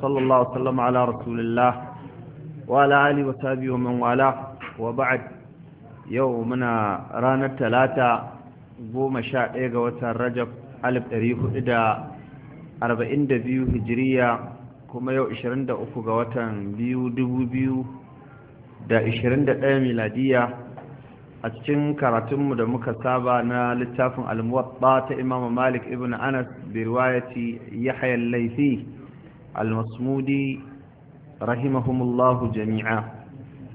وصلى الله وسلم على رسول الله وعلى آله وصحبه ومن والاه وبعد يومنا رانا الثلاثة goma sha ɗaya ga watan rajab alif ɗari hudu da arba'in da biyu hijiriya kuma yau ishirin da uku ga watan biyu dubu biyu da ishirin da ɗaya miladiya a cikin karatunmu da muka saba na littafin almuwaɓɓa ta imam malik ibn anas bi riwayati yahya laifi al-masmudi rahimahumullahu jami'a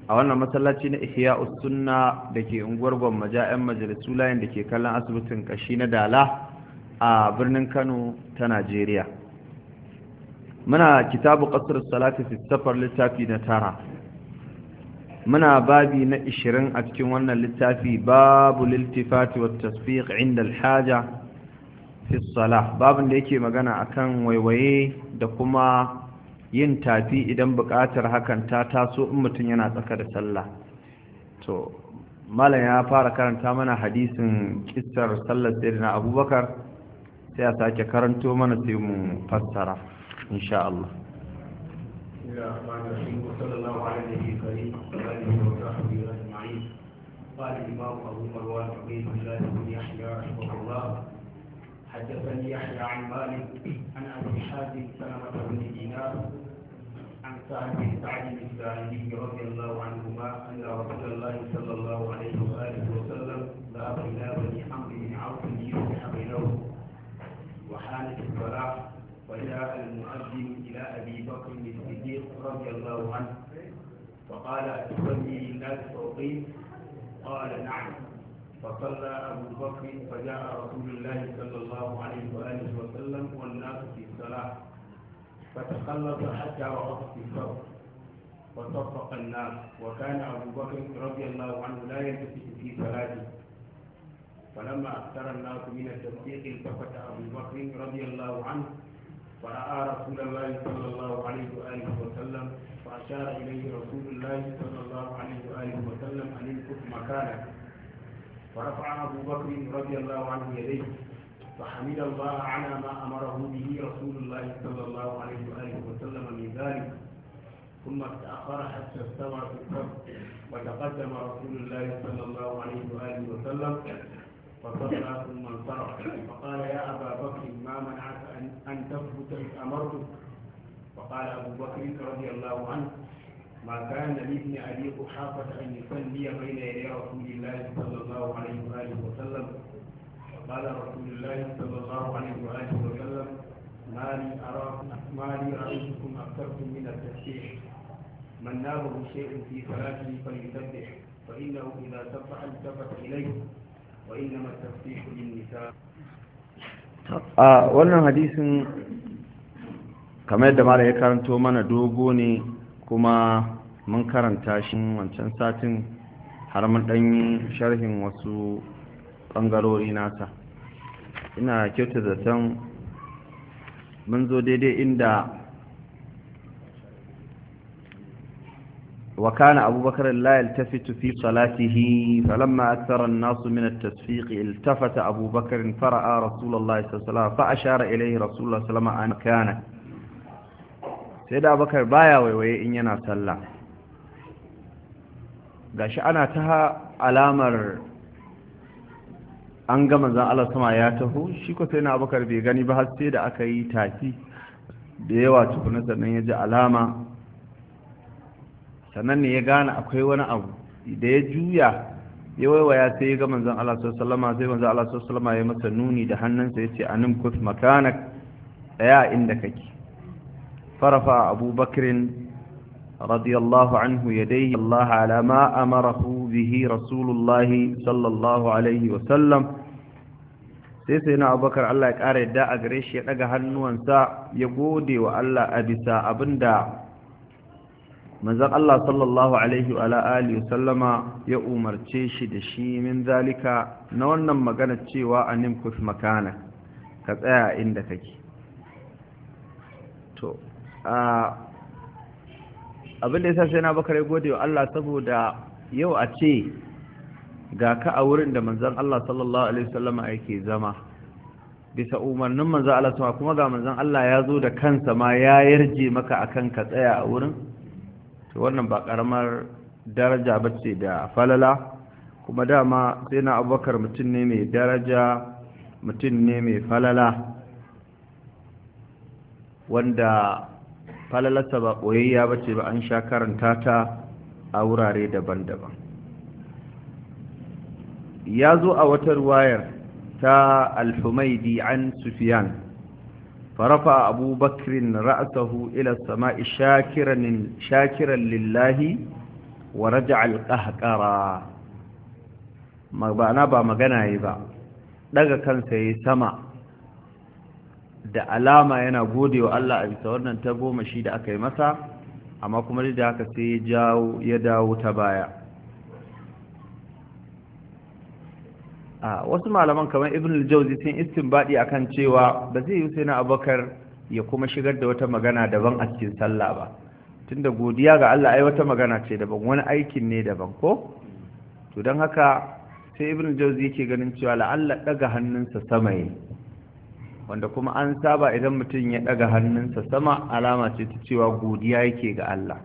a wannan masallaci na ihya sunna da ke unguwar gwammaja 'yan majalisu layin da ke kallon asibitin kashi na dala a birnin kano ta najeriya muna kitabu kasar salati fi safar littafi na tara muna babi na 20 a cikin wannan littafi babu liltifati wa tasfiq inda alhaja tsala babin da yake magana akan waiwaye da kuma yin tafi idan buƙatar hakan ta taso in mutum yana tsaka da sallah to malam ya fara karanta mana hadisin kisar sallar na abubakar sai a sake karanto mana sai mu fassara insha Allah قال الإمام أبو مروان بن الله بن يحيى رحمه الله حدثني يحيى عن مالك عن ابي حازم سلمه بن دينار عن سعد بن سعد الساعدي رضي الله عنهما ان رسول الله صلى الله عليه واله وسلم ذهب الى بني عمرو بن عوف ليصلح بينهم وحانت الصلاه وجاء المؤذن الى ابي بكر الصديق رضي الله عنه فقال اتصلي للناس فاقيم قال نعم فصلى أبو بكر فجاء رسول الله صلى الله عليه وآله وسلم والناس في الصلاة فتخلص حتى وقف في الصف وصفق الناس وكان أبو بكر رضي الله عنه لا يلتفت في صلاته فلما أكثر الناس من التصديق التفت أبو بكر رضي الله عنه فرأى رسول الله صلى الله عليه وآله وسلم فأشار إليه رسول الله صلى الله عليه وآله وسلم أن الكف مكانك فرفع أبو بكر رضي الله عنه يديه فحمد الله على ما أمره به رسول الله صلى الله عليه وآله وسلم من ذلك ثم تأخر حتى استوى في الصف وتقدم رسول الله صلى الله عليه وآله وسلم فصلى ثم انصرف فقال يا أبا بكر ما منعك أن تثبت إذ أمرتك فقال أبو بكر رضي الله عنه ما كان لابن ابي قحافة ان يصلي بين يدي رسول الله صلى الله عليه واله وسلم قال رسول الله صلى الله عليه واله وسلم ما لي أراكم ما لي رأيتكم أكثرتم من التسبيح من نابه شيء في صلاته فليسبح فانه اذا سبح التفت اليه وانما التسبيح للنساء wannan hadisin kamar yadda mara ya karanto mana dogo ne kuma mun karanta shi wancan satin har mun ɗan sharhin wasu ɓangarori nasa ina kyauta zaton mun zo daidai inda وكان أبو بكر لا يلتفت في صلاته فلما أكثر الناس من التصفيق التفت أبو بكر فرأى رسول الله صلى الله عليه وسلم فأشار إليه رسول الله صلى الله عليه وسلم أن كانت sai da abakar baya waiwaye in yana sallah gashi ana ta alamar an gama zan Allah sama ya taho shi ko sai na abakar bai gani ba har sai da aka yi tafi da yawa tukuna sannan ya ji alama sannan ne ya gane akwai wani abu da ya juya ya waiwaya sai ya ga manzon Allah sallallahu alaihi sai manzon Allah sallallahu alaihi ya masa nuni da hannunsa ce anim kus makanak daya inda kake فرفع أبو بكر رضي الله عنه يديه الله على ما أمره به رسول الله صلى sai sai na abubakar Allah ya ƙara yadda a gare shi ya hannuwansa ya gode wa Allah a bisa abin da manzan Allah sallallahu Alaihi wasallama ya umarce shi da shi min zalika na wannan magana cewa a nimkus makana ka tsaya inda kake. ke abin da ya sai na bakare gode wa Allah saboda yau a ce ga ka a wurin da manzan Allah sallallahu alaihi a yake zama bisa umarnin manzan Allah sama kuma ga manzan Allah ya zo da kansa ma ya yarje maka akan ka tsaya a wurin to wannan ba karamar daraja ba ce da falala kuma dama sai na abubakar mutum ne mai daraja mutum ne mai falala wanda falalarsa ba ɓoyayya ba ce ba an sha karanta ta a wurare daban-daban ya zo a wata ruwayar ta alhumaidi an sufiyan farafa abubakrin ra'asahu ila sama'i shakiran lillahi wa raja alƙahƙara ba na ba magana yi ba daga kansa yi sama da alama yana gode wa Allah a bisa wannan ta goma shi da aka yi masa amma kuma da haka sai ya jawo ya dawo ta baya a wasu malaman kamar ibn al-jawzi sun istinbadi akan cewa ba zai yi sai na abakar ya kuma shigar da wata magana daban a cikin sallah ba tunda godiya ga Allah ai wata magana ce daban wani aikin ne daban ko to don haka sai ibn al-jawzi yake ganin cewa la'alla daga hannunsa sama wanda kuma an saba idan mutum ya daga hannunsa sama alama ce ta cewa godiya yake ga Allah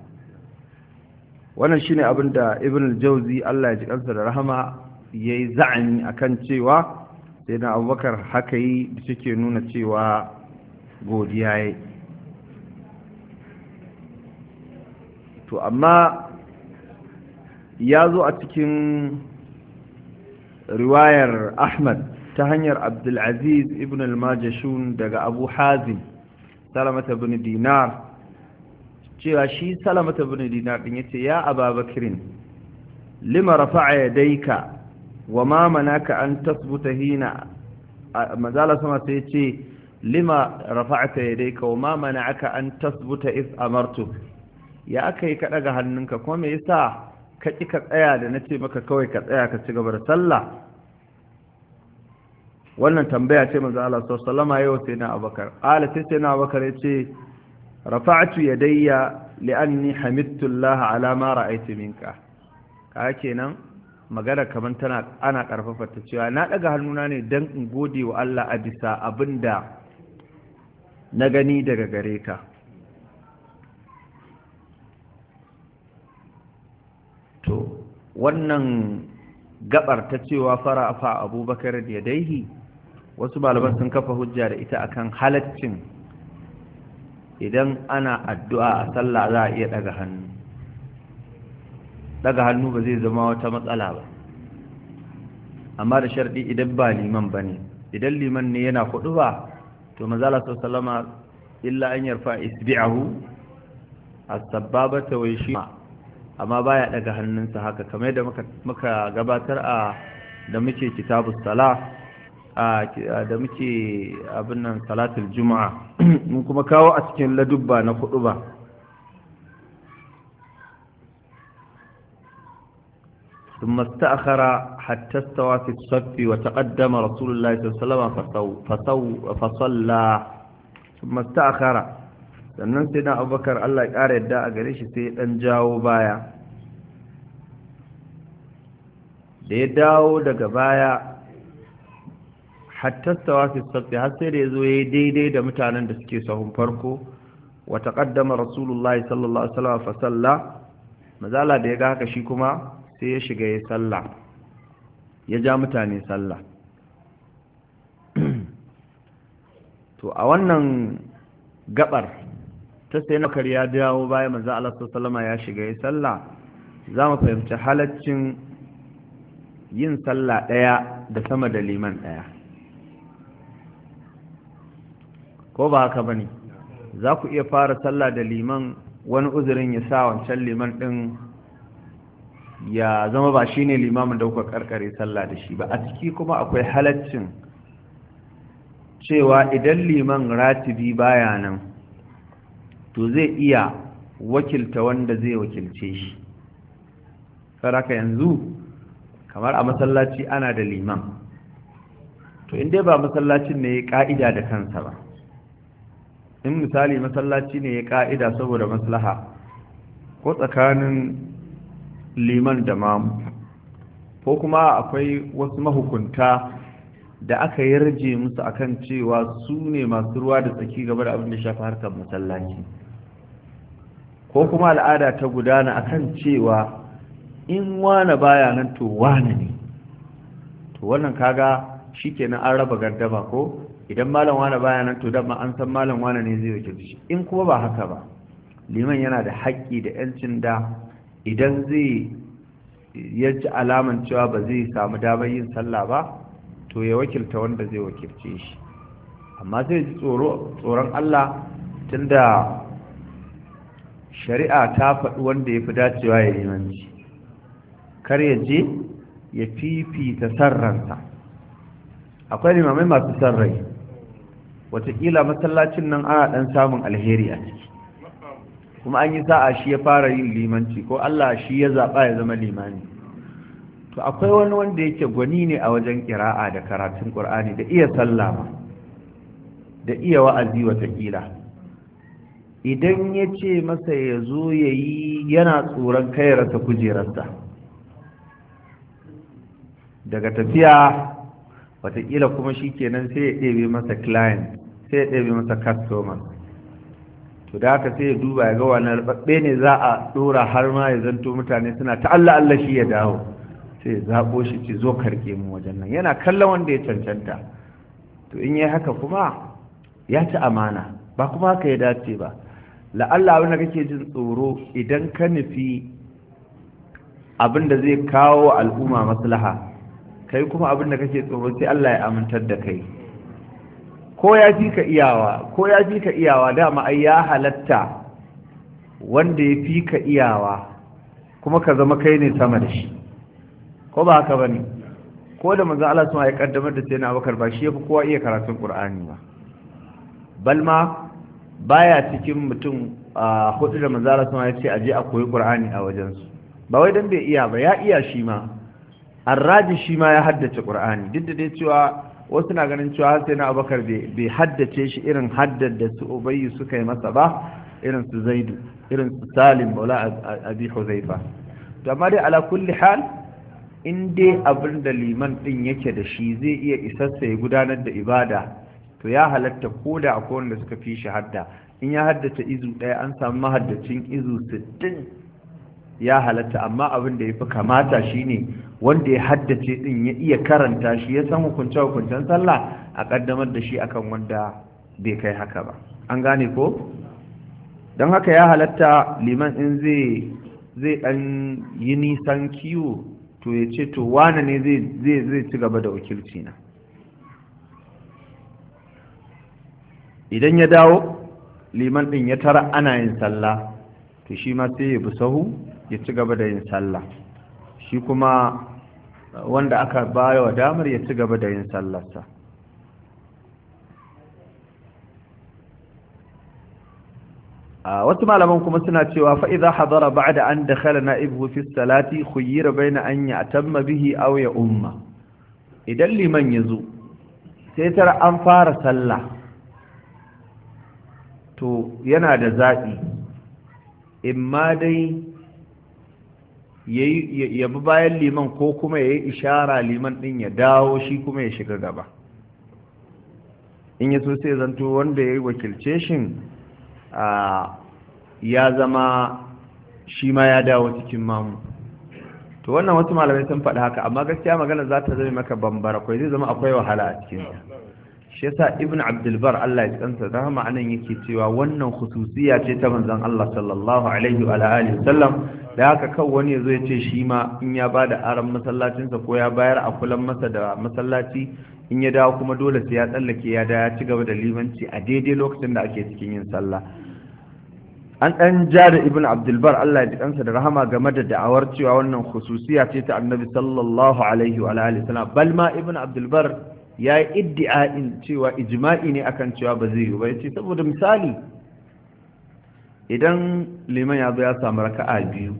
wannan shine abin da ibn al-jawzi Allah ya ji kansa da rahama yayi za'ani akan cewa sai na abubakar haka yi da suke nuna cewa godiya yayi to amma ya zo a cikin riwayar ahmad ta hanyar abdulaziz ibn al-majashun daga abu hazim salamata bin dinar cewa shi salamata bin dinar din yace ya ababakirin lima rafa'a yadayka wa ma manaka an tasbuta hina mazala sama sai yace lima rafa'ta yadayka wa ma manaka an tasbuta iz amartu ya akai ka daga hannunka kuma me yasa ka kika ka tsaya da nace maka kawai ka tsaya ka ci gaba da sallah wannan tambaya ce manzo Allah sallallahu alaihi wasallam sai na Abubakar ala sai na Abubakar yace rafa'tu yadayya li'anni hamidtu Allah ala ma ra'aytu minka ka kenan magana kaman tana ana karfafa ta cewa na daga hannuna ne dan in gode wa Allah a bisa abinda na gani daga gare ka to wannan gabar ta cewa fara farafa abubakar yadayhi wasu malaman sun kafa hujja da ita akan halaccin idan ana addu'a a sallah za a iya daga hannu daga hannu ba zai zama wata matsala ba amma da sharɗi idan ba liman ba ne idan liman ne yana kudu ba to mazala sau salama illa an yarfa isbi'ahu as-sabbabata wa yashima amma baya daga hannunsa haka kamar yadda muka gabatar a da muke kitabu salah da muke abin nan salatul juma'a mun kuma kawo a cikin ladubba na kudu ba Sun استأخر حتى استوى في الصف وتقدم رسول الله صلى الله عليه وسلم فصلى sannan sai na abubakar allah ƙara yadda a gare shi sai ɗan jawo baya da ya dawo daga baya Hattas fi har sai da yazo yayi daidai da mutanen da suke sahun farko wa taqaddama rasulullah sallallahu alaihi wasallam fa salla mazala da ya haka shi kuma sai ya shiga ya salla ya ja mutane salla to a wannan gabar ta sai na ya dawo baya manzo Allah sallallahu ya shiga ya salla za mu fahimci halaccin yin sallah ɗaya da sama da liman ɗaya ko ba haka bane za ku iya fara sallah da liman wani uzurin ya sa wancan liman ɗin ya zama ba shi ne limamin da kuka karkare sallah da shi ba a ciki kuma akwai halaccin cewa idan liman ratibi baya nan to zai iya wakilta wanda zai wakilce shi saraka yanzu kamar a masallaci ana da liman to in dai ba masallacin ne ya ka'ida da kansa ba in misali masallaci ne ya ka'ida saboda maslaha ko tsakanin liman da mamu ko kuma akwai wasu mahukunta da aka yarje musu akan cewa su ne masu ruwa da tsaki gaba da abin da shafi harkar masallaci ko kuma al'ada ta gudana akan cewa in wane baya nan to wane ne to wannan kaga kenan an raba gardama ko idan malam wane baya nan to ma an san malam wane ne zai wakilci shi in kuma ba haka ba liman yana da haƙƙi da yancin da idan zai ci alaman cewa ba zai samu damar yin sallah ba to ya wakilta wanda zai wakilce shi amma zai ji tsoron Allah tunda shari'a ta faɗi wanda ya fi dacewa ya limanci kar ya je ya fifita sarranta. akwai limamai masu sarrai Wataƙila masallacin nan ana ɗan samun alheri a ciki kuma an yi sa'a shi ya fara yin limanci ko Allah shi ya zaɓa ya zama limani to akwai wani wanda yake gwani ne a wajen ƙira'a da karatun ƙur'ani da iya sallama da iya wa'azi wataƙila idan ya ce masa ya zo ya yi yana tsoron kai rasa kujerarsa daga tafiya Wataƙila kuma shi kenan sai ya ɗebe masa client sai ya ɗebe masa customer to da haka sai ya duba ya ga wani rubabbe ne za a ɗora har ma ya zanto mutane suna ta Allah Allah shi ya dawo sai ya zaɓo shi ce zo karke mu wajen nan yana kallon wanda ya cancanta to in yi haka kuma ya ci amana ba kuma haka ya dace ba la'alla abin da kake jin tsoro idan ka nufi abin da zai kawo al'umma maslaha kai kuma abin da kake tsoro sai Allah ya amintar da kai ko ya fi ka iyawa ko ya fi ka iyawa dama ai ya halatta wanda ya fi ka iyawa kuma ka zama kai ne sama da shi ko ba haka bane ko da manzo Allah sun ya kaddamar da sayyidina Abubakar ba shi yafi kowa iya karatun Qur'ani ba balma baya cikin mutum a hudu da manzo Allah sun ya ce aje a koyi Qur'ani a wajensu ba wai dan bai iya ba ya iya shi ma arraji shi ma ya haddace Kur'ani. duk da dai cewa wasu na ganin cewa sai na Abubakar bai haddace shi irin haddar da su ubayyu suka yi masa ba irin su zaidu irin su salim maula abi huzaifa to amma dai ala kulli hal in dai abin da liman din yake da shi zai iya isassa ya gudanar da ibada to ya halatta ko da akwai wanda suka fi shi hadda in ya haddace izu ɗaya an samu mahaddacin izu sittin ya halatta amma abin da ya fi kamata shine wanda ya haddace din ya iya karanta shi ya san hukunce hukuncen sallah a kaddamar da shi akan wanda bai kai haka ba an gane ko don haka ya halatta liman in zai zai dan yi nisan kiwo to ya ce to wane ne zai zai ci gaba da wakilci na idan ya dawo liman din ya tara ana yin sallah to shi ma sai ya bi sahu ya ci gaba da yin sallah shi kuma wanda aka baya wa damar ya ci gaba da yin sallarsa wasu malaman kuma suna cewa fa'iza hadara ba da an da khala na ibu fi salati khuyira bai na an yi a tamma bihi auya umma idan liman ya zo sai tara an fara sallah to yana da zaɓi imma dai ya bi bayan liman ko kuma ya yi ishara liman ɗin ya dawo shi kuma ya shiga gaba in ya so sai zanto wanda ya yi wakilce shi ya zama shi ma ya dawo cikin mamu to wannan wasu malamai sun faɗi haka amma gaskiya magana za ta zama maka bambara kwai zai zama akwai wahala a cikin shi yasa ibn abdulbar Allah ya tsansa rahama anan yake cewa wannan khususiya ce ta manzon Allah sallallahu alaihi wa alihi sallam da haka kan wani yazo ya ce shi ma in ya bada aran masallacin sa ko ya bayar a kulan masa da masallaci in ya dawo kuma dole sai ya tsallake ya da ya ci gaba da limanci a daidai lokacin da ake cikin yin sallah an ɗan ja da ibn abdulbar Allah ya ji ɗansa da rahama game da da'awar cewa wannan khususiya ce ta annabi sallallahu alaihi wa alihi sallam bal ma ibn abdulbar ya yi iddi'a'in cewa ijma'i ne akan cewa ba zai yi ba ya ce saboda misali idan liman ya zo ya samu raka'a biyu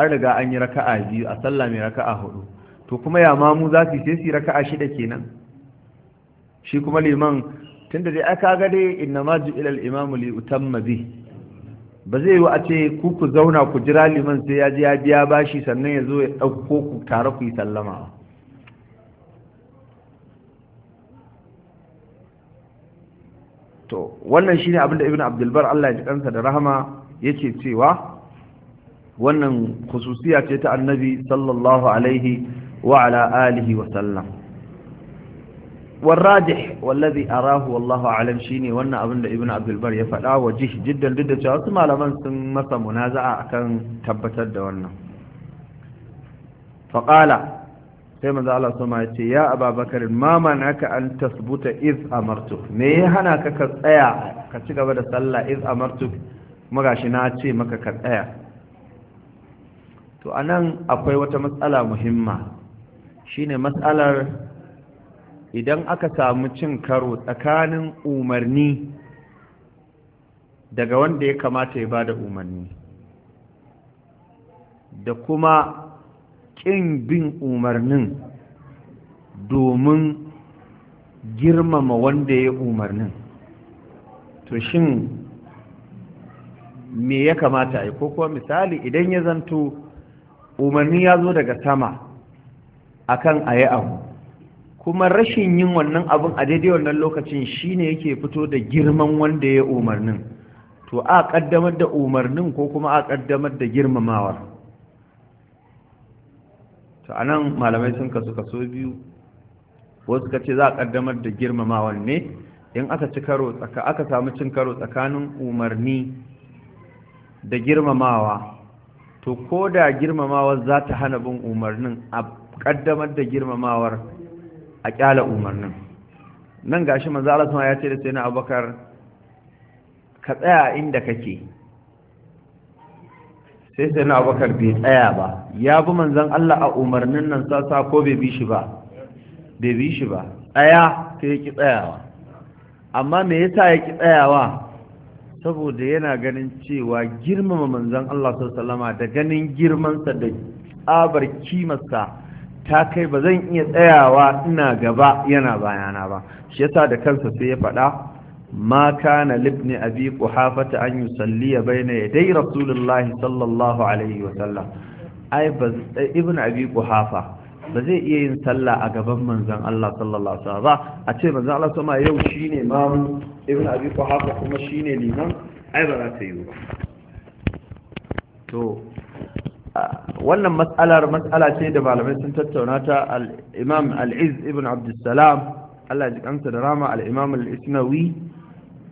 an riga an yi raka'a biyu a sallah mai raka'a hudu to kuma ya mamu za su sai su raka'a shida kenan shi kuma liman tunda dai aka ga dai inna ma ji ilal imamu li utamma bi ba zai yi a ce ku ku zauna ku jira liman sai ya je ya biya bashi sannan ya zo ya ɗauko ku tare ku yi sallama to wannan shi ne abinda ibn abdulbar allah ya ji kansa da rahama ya ce cewa wannan khususiya ce ta annabi sallallahu alaihi wa ala alihi wasallam warraji wallazi arahu wallahu alam shi ne wannan abinda ibn abdulbar ya faɗa wa jihi jiddan wasu malaman sun masa munaza'a akan tabbatar da wannan faƙala sai maza Allah sama ya ce ya ababakar ma manaka an tasbuta iz amartuk me ya hana ka ka tsaya ka ci gaba da sallah iz amartuk magashi na ce maka ka tsaya to anan akwai wata matsala muhimma shine matsalar idan aka samu cin karo tsakanin umarni daga wanda ya kamata ya bada umarni da kuma ƙin bin umarnin domin girmama wanda ya umarnin to shin me ya kamata a ko kuma misali idan ya zanto umarni ya zo daga sama akan a yi abu kuma rashin yin wannan abin a daidai wannan lokacin shine yake fito da girman wanda ya umarnin to a ƙaddamar da umarnin ko kuma a ƙaddamar da girmamawar to anan malamai sun kasu kaso biyu wasu suka ce za a kaddamar da girmamawan ne in aka ci karo tsaka aka samu cin karo tsakanin umarni da girmamawa to ko da girmamawar za ta hana bin umarnin a kaddamar da girmamawar a kyala umarnin nan gashi manzo Allah ya ce da sai na Abubakar ka tsaya inda kake sai sai na abubakar bai tsaya ba ya bi manzan Allah a umarnin nan sasa ko bai bi shi ba bai bi shi ba tsaya sai ya ki tsayawa amma me yasa ya ki tsayawa saboda yana ganin cewa girmama manzan Allah sallama da ganin girmansa da tsabar kimarsa ta kai ba zan iya tsayawa ina gaba yana bayana ba shi yasa da kansa sai ya faɗa ما كان لابن أبي قحافة أن يسلي بين يدي رسول الله صلى الله عليه وسلم أي بز... ابن أبي ba zai iya yin sallah a gaban manzan Allah sallallahu Alaihi a ce manzan Allah sama yau shi ne mamu irin abiku kuma shi ne liman ai ba za yi to wannan matsalar matsala ce da malamai sun tattauna ta al-imam al Allah ji kansa da rama al-imam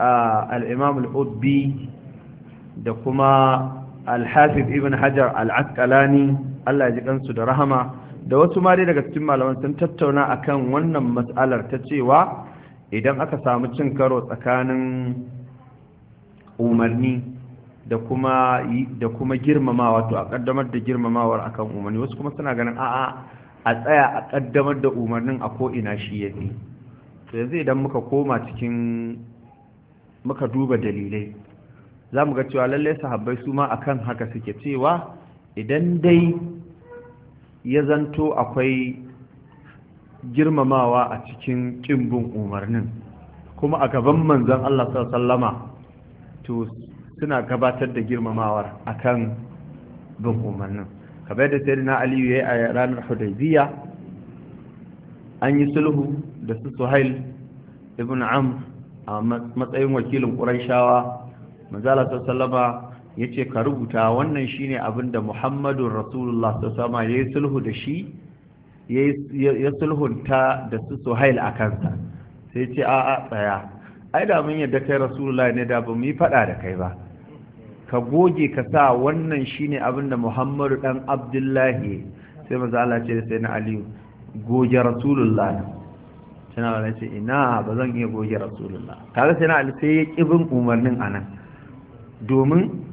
al'imam al'ubbi da kuma alhafif ibn hajar al'akalani allah ji gansu da rahama da wasu ma daga cikin malaman sun tattauna akan wannan matsalar ta cewa idan aka samu cin karo tsakanin umarni da kuma girmamawa a kaddamar da girmamawar akan umarni wasu kuma suna ganin a'a a tsaya a kaddamar da umarnin a ko ina shi yafi yanzu idan muka koma cikin muka duba dalilai za mu ga cewa lallai sahabbai su ma akan haka suke cewa idan dai ya zanto akwai girmamawa a cikin kimbin umarnin kuma a gaban manzan Allah sallama to suna gabatar da girmamawar akan bin umarnin Kabe da sai na aliyu ya yi a ranar hudaybiya an yi sulhu da su suhail ibn am a matsayin wakilin ƙurayshawa manzala salama ya ce ka rubuta wannan shi abin da muhammadun rasulullah sama ya yi sulhu da shi ya sulhunta da su suhail a kansa sai ce a a tsaya ai da mun yadda kai rasulullah ne da ba mu yi faɗa da kai ba ka goge ka sa wannan shi abin da muhammadu ɗan abdullahi sai maza ce da sai na aliyu goge rasulullah sai na wani ce ina ba zan iya goge rasulullah kaga sai na ali sai ya ƙibin umarnin a nan domin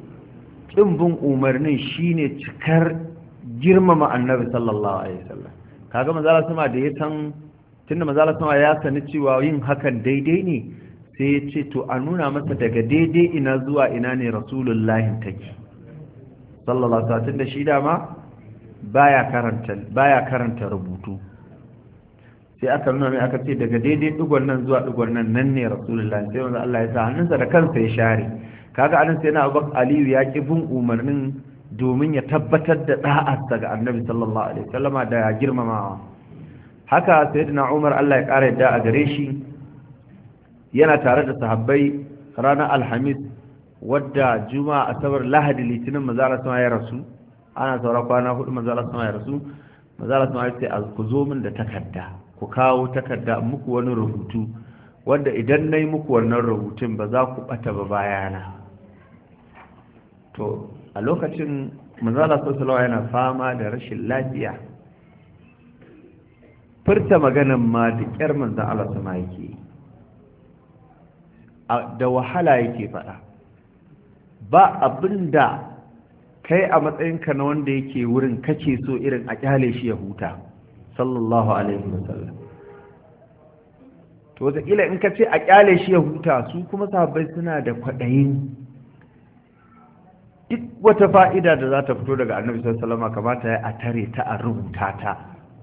ƙimbin umarnin shine cikar girmama annabi sallallahu alaihi wasallam kaga manzala sama da ya san tunda manzala sama ya sani cewa yin hakan daidai ne sai ya ce to a nuna masa daga daidai ina zuwa ina ne rasulullahi take sallallahu alaihi wasallam da shi dama baya karanta baya karanta rubutu sai aka nuna mai aka ce daga daidai dugon nan zuwa dugon nan nan ne rasulullah sai wanda Allah ya sa hannunsa da kansa ya share kaga anan sai na abubakar aliyu ya ki bin umarnin domin ya tabbatar da da'arsa ga annabi sallallahu alaihi wasallama da ya girmamawa haka sayyidina umar Allah ya kara yadda a gare shi yana tare da sahabbai ranar alhamis wadda juma'a asabar lahadi litinin mazala sama ya rasu ana saura kwana hudu mazala sama ya rasu mazala sama ya ce ku zo min da takarda ku kawo takarda muku wani rubutu wanda idan na yi muku wannan rubutun ba za ku bata ba bayana to a lokacin manzala sassalawa yana fama da rashin lafiya furta maganan ma da ƙyar manzan Allah sama yake da wahala yake faɗa ba abin da kai a matsayinka na wanda yake wurin kake so irin a kyale shi ya huta sallallahu alaihi wasallam to wataƙila in ka ce a ƙyale shi ya huta su kuma sahabbai suna da kwaɗayin duk wata fa'ida da za ta fito daga annabi sallallahu kamata ya a tare ta a rubuta ta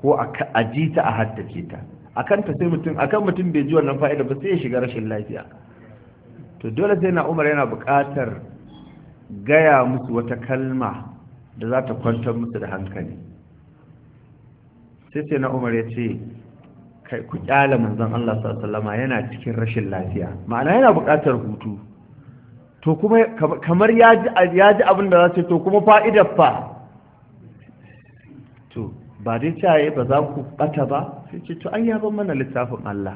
ko a ji ta a haddace ta akan ta sai mutum akan mutum bai ji wannan fa'ida ba sai ya shiga rashin lafiya to dole sai na umar yana buƙatar gaya musu wata kalma da za ta kwantar musu da hankali sai sai na umar ya ce ku kyala manzon Allah wasallam yana cikin rashin lafiya ma'ana yana buƙatar hutu to kuma kamar ya ji abin da za ce to kuma fa'idar fa to ba dai caye ba za ku bata ba sai ce to ai ya ban mana littafin Allah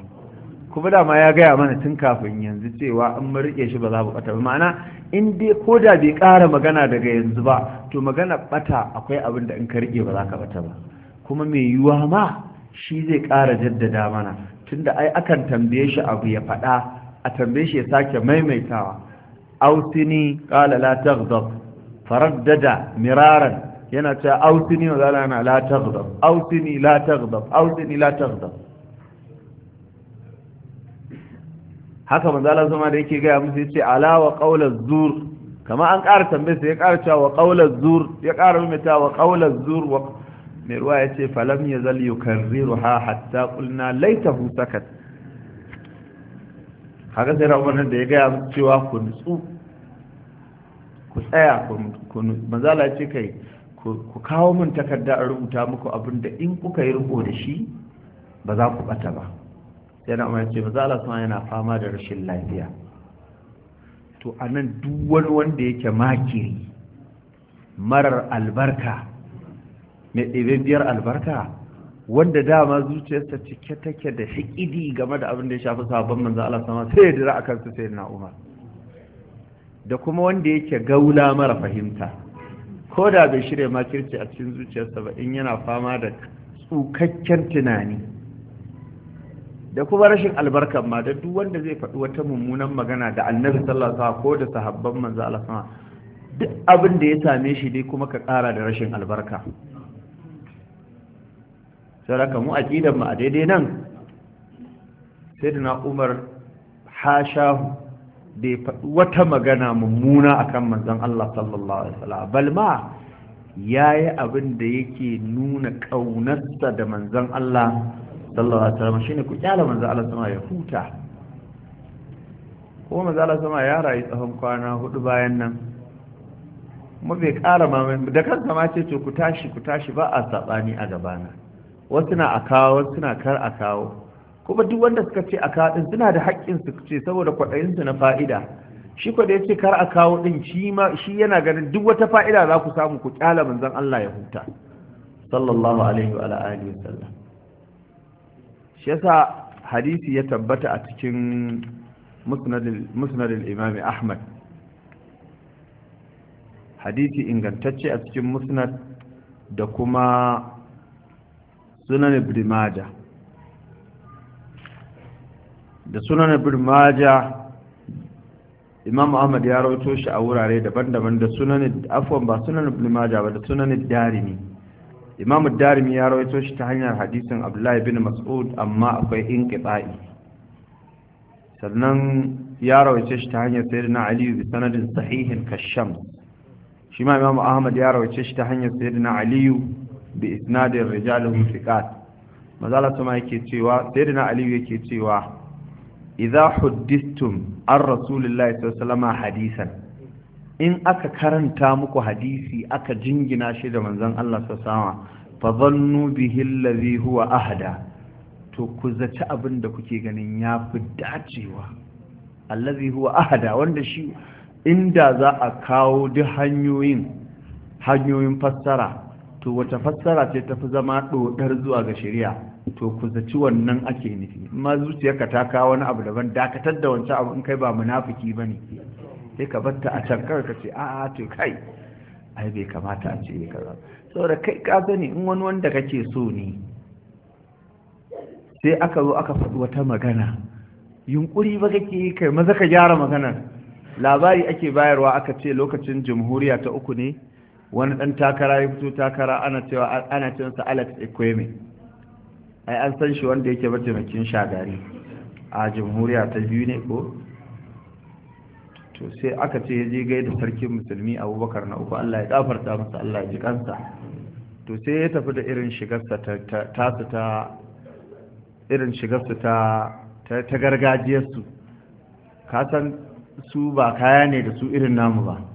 kuma dama ya gaya mana tun kafin yanzu cewa an marike shi ba za mu bata ba ma'ana in dai ko da bai ƙara magana daga yanzu ba to magana bata akwai abin da in ka rike ba za ka bata ba kuma mai yiwuwa ma shi zai ƙara jaddada mana tunda ai akan tambaye shi abu ya faɗa a tambaye shi ya sake maimaitawa ausini qala la taghdab faraddada miraran yana cewa ausini wa zala na la taghdab ausini la taghdab ausini la taghdab haka manzo Allah zama da yake gaya musu yace ala wa qawla zur kama an ƙara tambaye sai ya ƙara cewa wa qawla zur ya ƙara maimaitawa wa qawla zur wa. mai ruwa ya ce falam ya zal yukarriru ha hatta kulna laita hutakat haka sai rawanar da ya gaya cewa ku nutsu ku tsaya ku mazala ce kai ku kawo min takarda a rubuta muku abin da in kuka yi riko da shi ba za ku bata ba sai na ya ce mazala suna yana fama da rashin lafiya to anan duk wani wanda yake makiri marar albarka mai biyar albarka wanda dama zuciyarsa cike take da shiƙidi game da abin da ya shafi sabon manzan Allah sama sai ya dira kan su sai na Umar da kuma wanda yake gaula mara fahimta ko da bai shirya makirci a cikin zuciyarsa ba in yana fama da tsukakken tunani da kuma rashin albarkan ma da duk wanda zai faɗi wata mummunan magana da annabi sallallahu alaihi ko da sahabban manzo Allah sama duk abin da ya same shi dai kuma ka ƙara da rashin albarka saraka mu aqidan mu a daidai nan sayyidina Umar hashahu da wata magana mummuna akan manzon Allah sallallahu alaihi wasallam bal ma yayi abin da yake nuna kaunarsa da manzon Allah sallallahu alaihi wasallam shine ku kyala manzon Allah wasallam ya huta ko manzon Allah sama ya rayu tsawon kwana hudu bayan nan mu bai ƙara mamaye da kansa ma ce ku tashi ku tashi ba a saɓani a gabana wasu na a kawo wasu na kar a kawo kuma duk wanda suka ce a kawo din suna da haƙƙin su ce saboda kwaɗayin su na fa'ida shi kwa da ya ce kar a kawo din shi ma shi yana ganin duk wata fa'ida za ku samu ku kyala manzon Allah ya huta sallallahu alaihi wa alihi wasallam shi yasa hadisi ya tabbata a cikin musnad al-imam Ahmad hadisi ingantacce a cikin musnad da kuma sunan ibn maja da sunan ibn maja imam ahmad ya rawaito shi a wurare daban-daban da sunan afwan ba sunan ibn maja ba da sunan darimi imam darimi ya rawaito shi ta hanyar hadisin abdullahi bin mas'ud amma akwai inqita'i sannan ya rawace shi ta hanyar sayyidina ali bi sanadin sahihin kashan. shi ma imam ahmad ya rawace shi ta hanyar sayyidina aliyu bi isnadin rijaluhum thiqat mazala yake cewa sayyidina Aliyu yake cewa idza huddistum an rasulullahi sallallahu hadisan in aka karanta muku hadisi aka jingina shi da manzon Allah sallallahu alaihi fa dhannu bihi alladhi huwa ahda to ku zaci abin da kuke ganin ya fi dacewa allazi huwa ahda wanda shi inda za a kawo duk hanyoyin hanyoyin fassara to wata fassara ce ta fi zama ɗoɗar zuwa ga shari'a to ku zaci wannan ake nufi Amma zuciyarka ta kawo wani abu daban dakatar da wancan abu in kai ba munafiki ba ne sai ka batta a can kar ka ce a to kai ai bai kamata a ce ne kaza saboda kai ka sani in wani wanda kake so ne sai aka zo aka faɗi wata magana yunkuri ba kake yi kai maza ka gyara maganar labari ake bayarwa aka ce lokacin jamhuriya ta uku ne wani ɗan takara ya fito takara ana cewa ana cinsa alex Ekweme ai an san shi wanda yake mataimakin shagari a jamhuriya ta biyu ne ko to sai aka ce yaje je gai da sarkin musulmi abubakar na uku allah ya gafarta masa allah ya ji kansa to sai ya tafi da irin shigarsa ta ta irin shigarsa ta ta gargajiyarsu ka san su ba kaya ne da su irin namu ba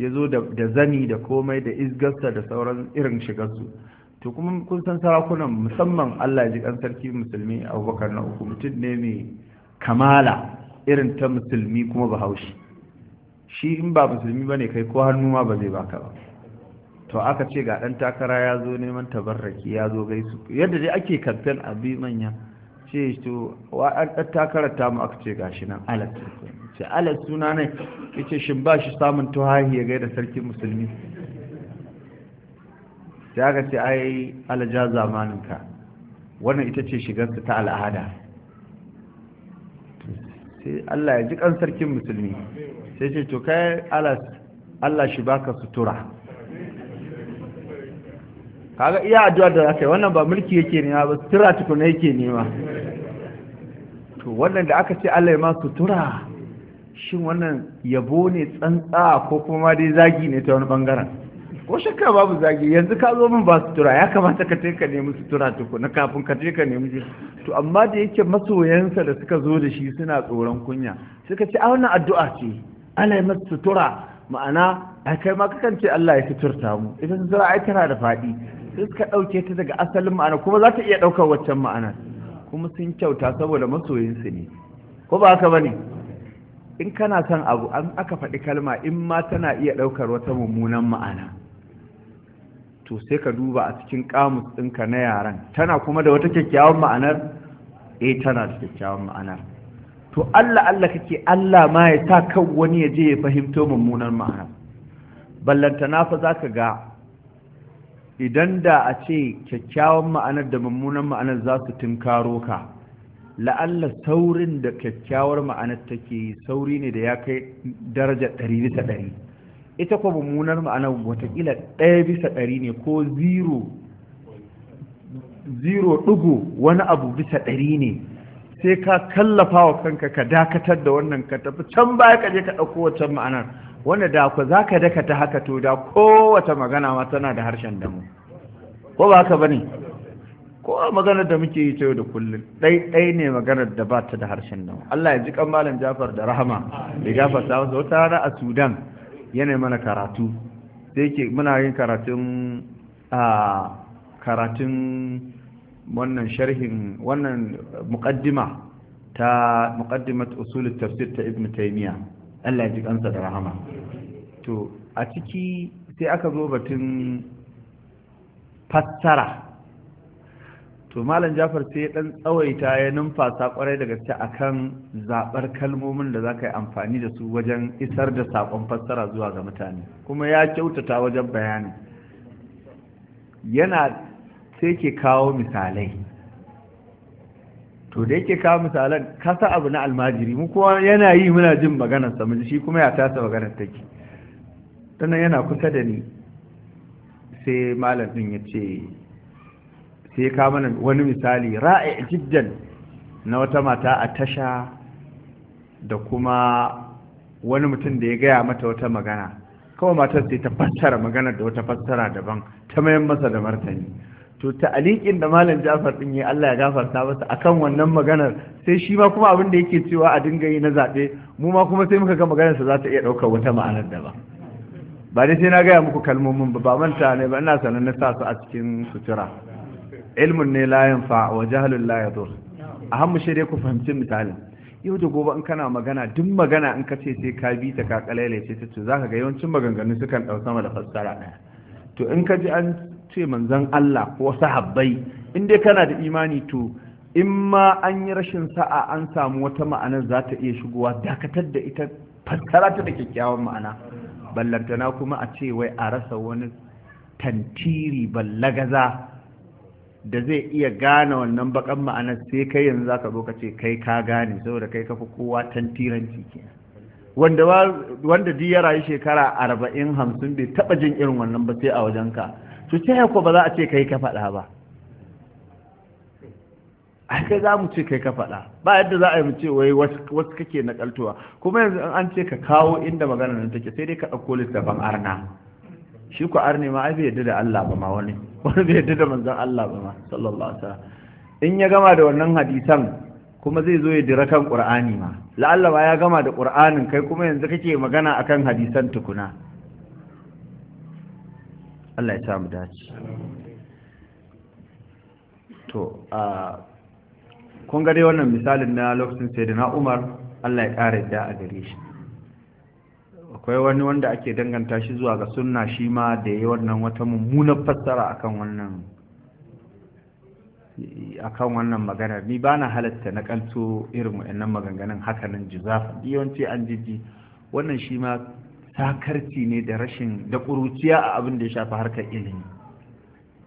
ya zo da zani da komai da izgarsa da sauran irin shigarsu to kuma kun san sarakunan musamman allah ji kan sarki musulmi abubakar na uku mutum ne mai kamala irin ta musulmi kuma bahaushe shi in ba musulmi ba kai ko hannu ma ba zai baka ba to aka ce ga ɗan takara ya zo neman tabarraki ya zo gaisu yadda dai ake kamfen a manya ce to wa ɗan takarar tamu aka ce gashi nan alat sai ala suna ne ya ce shi ba shi samun tuhahi ya gaida sarki musulmi sai aka ce ai alaja zamaninka wannan ita ce shigarsa ta al'ada sai Allah ya ji kan sarkin musulmi sai ce to kai Allah shi baka sutura kaga iya addu'a da aka yi wannan ba mulki yake nema ba sutura tukuna yake nema to wannan da aka ce Allah ya ma sutura shin wannan yabo ne tsantsa ko kuma dai zagi ne ta wani bangaren ko shakka babu zagi yanzu ka zo min ba sutura ya kamata ka ka nemi sutura na kafin ka je ka nemi shi to amma da yake masoyansa da suka zo da shi suna tsoron kunya suka ce a wannan addu'a ce ana yi masa sutura ma'ana a kai ma kakan ce Allah ya suturta mu Idan sutura ai tana da faɗi sai suka ɗauke ta daga asalin ma'ana kuma za ta iya ɗaukar waccan ma'anar kuma sun kyauta saboda masoyinsu ne ko ba haka ba ne in kana son abu an aka faɗi kalma in ma tana iya ɗaukar wata mummunan ma'ana to sai ka duba a cikin kamus ɗinka na yaran tana kuma da wata kyakkyawan ma'anar eh tana da kyakkyawan ma'anar to Allah Allah kake Allah ma ya sa kan wani ya je ya fahimto mummunan ma'ana ballanta na fa zaka ga idan da a ce kyakkyawan ma'anar da mummunan ma'anar za su tunkaro ka la'alla saurin da kyakkyawar ma'anar take yi sauri ne da ya kai daraja ɗari bisa ɗari ita kuma mummunar ma'anar watakila ɗaya bisa ɗari ne ko ziro, ziro ɗugu wani abu bisa ɗari ne sai ka kallafa wa kanka ka dakatar da wannan ka tafi can baya ka je ka ɗauko wancan ma'anar wanda da ku za ka dakata haka to da kowace magana ma tana da harshen damu ko ba haka ba ne kowa maganar da muke yi ta yau da kullum ɗai ɗai ne maganar da ba ta da harshen nan Allah ya ji kan malam Jafar da rahama da Jafar sa wata rana a Sudan yana mana karatu da yake muna yin karatun a karatun wannan sharhin wannan muqaddima ta muqaddimat usul tafsir ta Ibn Taymiyyah Allah ya ji kansa da rahama to a ciki sai aka zo batun fassara to malam jafar sai dan tsawaita ya numfasa kwarai da gaske akan zabar kalmomin da za ka yi amfani da su wajen isar da sakon fassara zuwa ga mutane kuma ya kyautata wajen bayanin yana sai ke kawo misalai to da yake kawo misalan kasa abu na almajiri mu kowa yana yi muna jin maganar sa shi kuma ya tasa maganar take sannan yana kusa da ni sai malam din ya ce sai ka mana wani misali ra'i jiddan na wata mata a tasha da kuma wani mutum da ya gaya mata wata magana kawai matar sai ta fassara maganar da wata fassara daban ta mayan masa da martani to alikin da malam jafar ɗin ya Allah ya gafarta masa akan wannan maganar sai shi ma kuma abin da yake cewa a dinga yi na zaɓe mu ma kuma sai muka ga maganar sa za ta iya ɗaukar wata ma'anar daban. ba dai sai na gaya muku kalmomin ba ba manta ne ba ina sanar na sa su a cikin sutura ilmin ne layin fa wa jahalun la yadur a shi dai ku fahimci misalin yau da gobe in kana magana duk magana in ka ce sai ka bi ta ka ce ta ce zaka ga yawancin maganganu sukan dau sama da fassara daya to in ka ji an ce manzon Allah ko sahabbai in dai kana da imani to in ma an yi rashin sa'a an samu wata ma'anar za ta iya shigowa dakatar da ita fassara ta da kyakkyawan ma'ana ballantana kuma a ce wai a rasa wani tantiri ballagaza da zai iya gane wannan bakan ma'anar sai kai yanzu zaka zo ka ce kai ka gane saboda kai ka fi kowa tantiranci kenan wanda wanda duk ya rayu shekara arba'in hamsin bai taba jin irin wannan ba sai a wajen ka, to ta ko ba za a ce kai ka faɗa ba a kai za mu ce kai ka faɗa ba yadda za a yi mu ce wai wasu kake nakaltowa kuma yanzu an ce ka kawo inda maganar nan take sai dai ka ɗauko littafin arna shi ku arne ma ai bai yadda da Allah ba ma wani wani bai yadda da manzon Allah ba ma sallallahu alaihi wasallam in ya gama da wannan hadisan kuma zai zo ya dira kan Qur'ani ma la'alla ba ya gama da Qur'anin kai kuma yanzu kake magana akan hadisan tukuna Allah ya samu dace to a kun ga dai wannan misalin na lokacin sayyidina na Umar Allah ya ƙara da a gare shi akwai wani wanda ake danganta shi zuwa ga sunna shi ma da ya wannan wata mummunar fassara akan wannan akan wannan maganar ni ba na halatta na kanto irin wa'annan maganganun hakanan jizafa yawanci an jijji wannan shi ma sakarci ne da rashin da kuruciya a abin da ya shafi harkar ilimi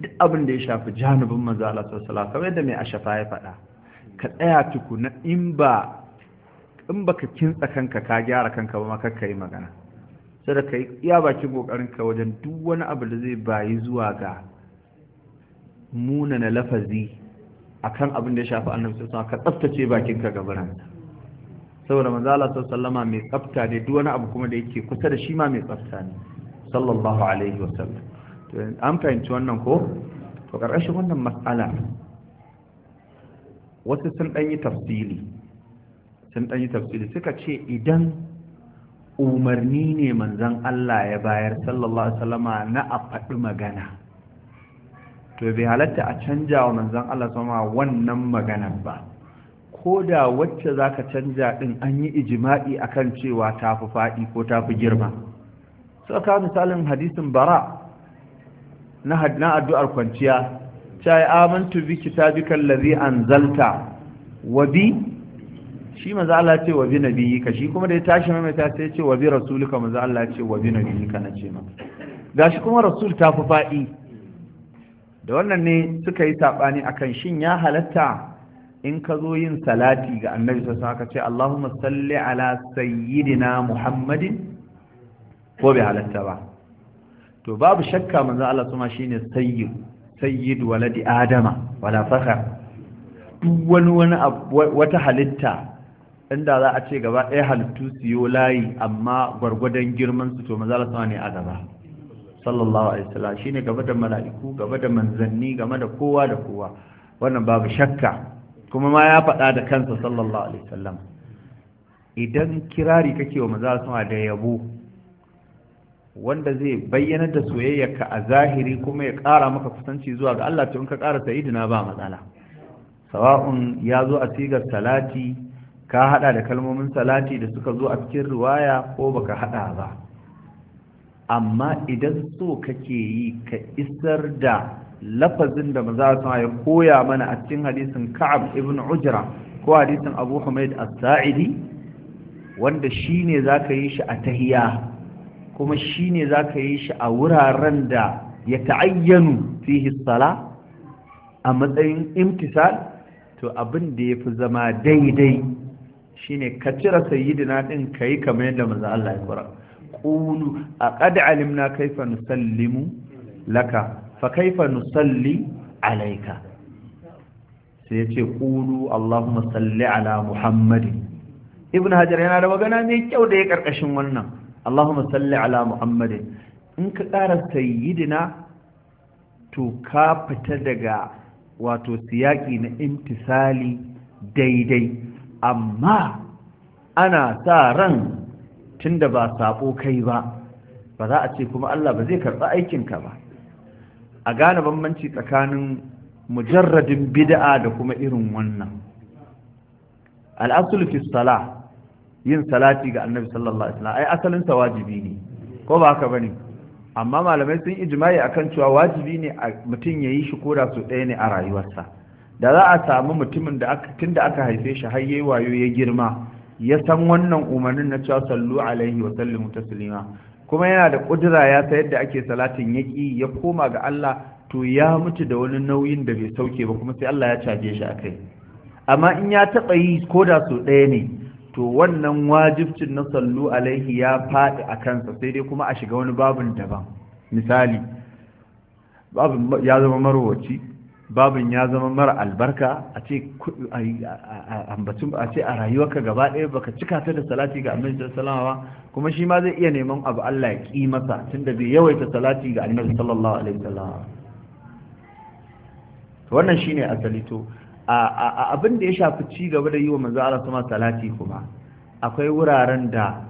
duk abin da ya shafi janubin manzo Allah sallallahu kamar yadda mai ashafa ya faɗa ka tsaya tuku na in ba in baka kintsa kanka ka gyara kanka ba ma kakka yi magana sai da ka yi iya bakin ƙoƙarinka wajen duk wani abu da zai bayi zuwa ga munana lafazi akan abin da ya shafi annabi sallallahu ka tsaftace bakinka gabaran saboda manzo Allah sallallahu mai tsafta ne duk wani abu kuma da yake kusa da shi ma mai tsafta ne sallallahu alaihi wasallam to an fahimci wannan ko to karkashin wannan mas'ala wasu sun dan yi tafsili sun dan yi tafsili suka ce idan umarni ne manzon Allah ya bayar sallallahu alaihi wasallama na a faɗi magana to bai halatta a canja wa manzon Allah sama wannan magana ba ko da wacce zaka canja din an yi ijma'i kan cewa ta fi faɗi ko ta fi girma sai ka misalin hadisin bara na addu'ar kwanciya ta yi amintu bi kitabikal ladhi anzalta wa bi shi maza Allah ce wa bi na ka. shi kuma da ya tashi mai ta sai ce wa bi rasulika Maza Allah ce wa bi na ka na ce ma gashi kuma rasul ta fi faɗi da wannan ne suka yi saɓani a kan shin ya halatta in ka zo yin salati ga annabi sa, ka ce Allahumma salli ala sayyidina Muhammadin ko bai halatta ba to babu shakka manzo Allah kuma shine sayyid sayyid waladi adama wala fakhar duk wani wata halitta inda za a ce gaba ɗaya halittu su yi layi amma gwargwadon girman su to maza sama ne a gaba sallallahu alaihi wasallam shine gaba da mala'iku gaba da manzanni game da kowa da kowa wannan babu shakka kuma ma ya faɗa da kansa sallallahu alaihi wasallam idan kirari kake wa maza sama da yabo wanda zai bayyana da soyayyarka a zahiri kuma ya ƙara maka kusanci zuwa ga Allah to in ka ƙara sayyidina ba matsala sawa'un ya zo a sigar salati ka hada da kalmomin salati da suka zo a cikin riwaya ko baka hada ba amma idan so kake yi ka isar da lafazin da maza sun ya koya mana a cikin hadisin ka'ab ibn ujra ko hadisin abu humaid as-sa'idi wanda shine zaka yi shi a tahiya kuma shine zaka yi shi a wuraren da ya ta'ayyanu fihi sala a matsayin imtisal to abin da yafi zama daidai shine ka cire sayyidina din kai kamar yadda manzo Allah ya kura qulu qad alimna kaifa nusallimu laka fa kaifa nusalli alayka sai yace qulu allahumma salli ala muhammad ibn hajar yana da magana mai kyau da ya karkashin wannan allahumma salli ala muhammad in ka kara sayyidina to ka fita daga wato siyaki na imtisali daidai amma ana sa ran tunda ba sabo kai ba ba za a ce kuma Allah ba zai karɓi aikinka ba a gane bambanci tsakanin mujarradin bid'a da kuma irin wannan al'asul fi sala yin salati ga annabi sallallahu alaihi wasallam ai asalin sa wajibi ne ko ba haka bane amma malamai sun ijma'i akan cewa wajibi ne mutum yayi shi koda su ɗaya ne a rayuwarsa da za a samu mutumin da aka tunda aka haife shi har yayi wayo ya girma ya san wannan umarnin na cewa sallu alaihi wa sallimu taslima kuma yana da kudura ya ta yadda ake salatin yaki ya koma ga Allah to ya mutu da wani nauyin da bai sauke ba kuma sai Allah ya caje shi akai amma in ya taba yi koda so ɗaya ne to wannan wajibcin na sallu alaihi ya faɗi a kansa sai dai kuma a shiga wani babin daban misali ya zama marwaci babin ya zama mara albarka a ce a rayuwarka gaba ɗaya baka cika ta da salati ga annabi sallallahu alaihi kuma shi ma zai iya neman abu Allah ya ki masa tunda bai yawaita salati ga annabi sallallahu alaihi wasallam wannan shine asali to abin da ya shafi ci gaba da yi wa manzo Allah salati kuma akwai wuraren da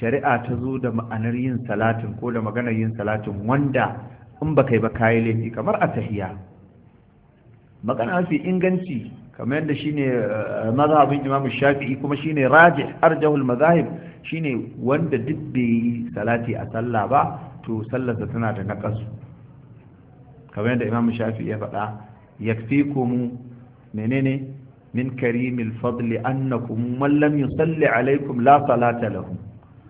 shari'a ta zo da ma'anar yin salatin ko da maganar yin salatin wanda in baka yi ba kayi laifi kamar a tahiyya magana mafi inganci kamar yadda shine eh, mazhabin Imam Shafi'i kuma shine raji arjahul mazahib shine wanda duk yi salati a sallah ba to sallarsa tana da naqasu kamar yadda Imam Shafi'i ya faɗa yakfikum menene min karimil fadli annakum man lam yusalli alaikum la salata lahu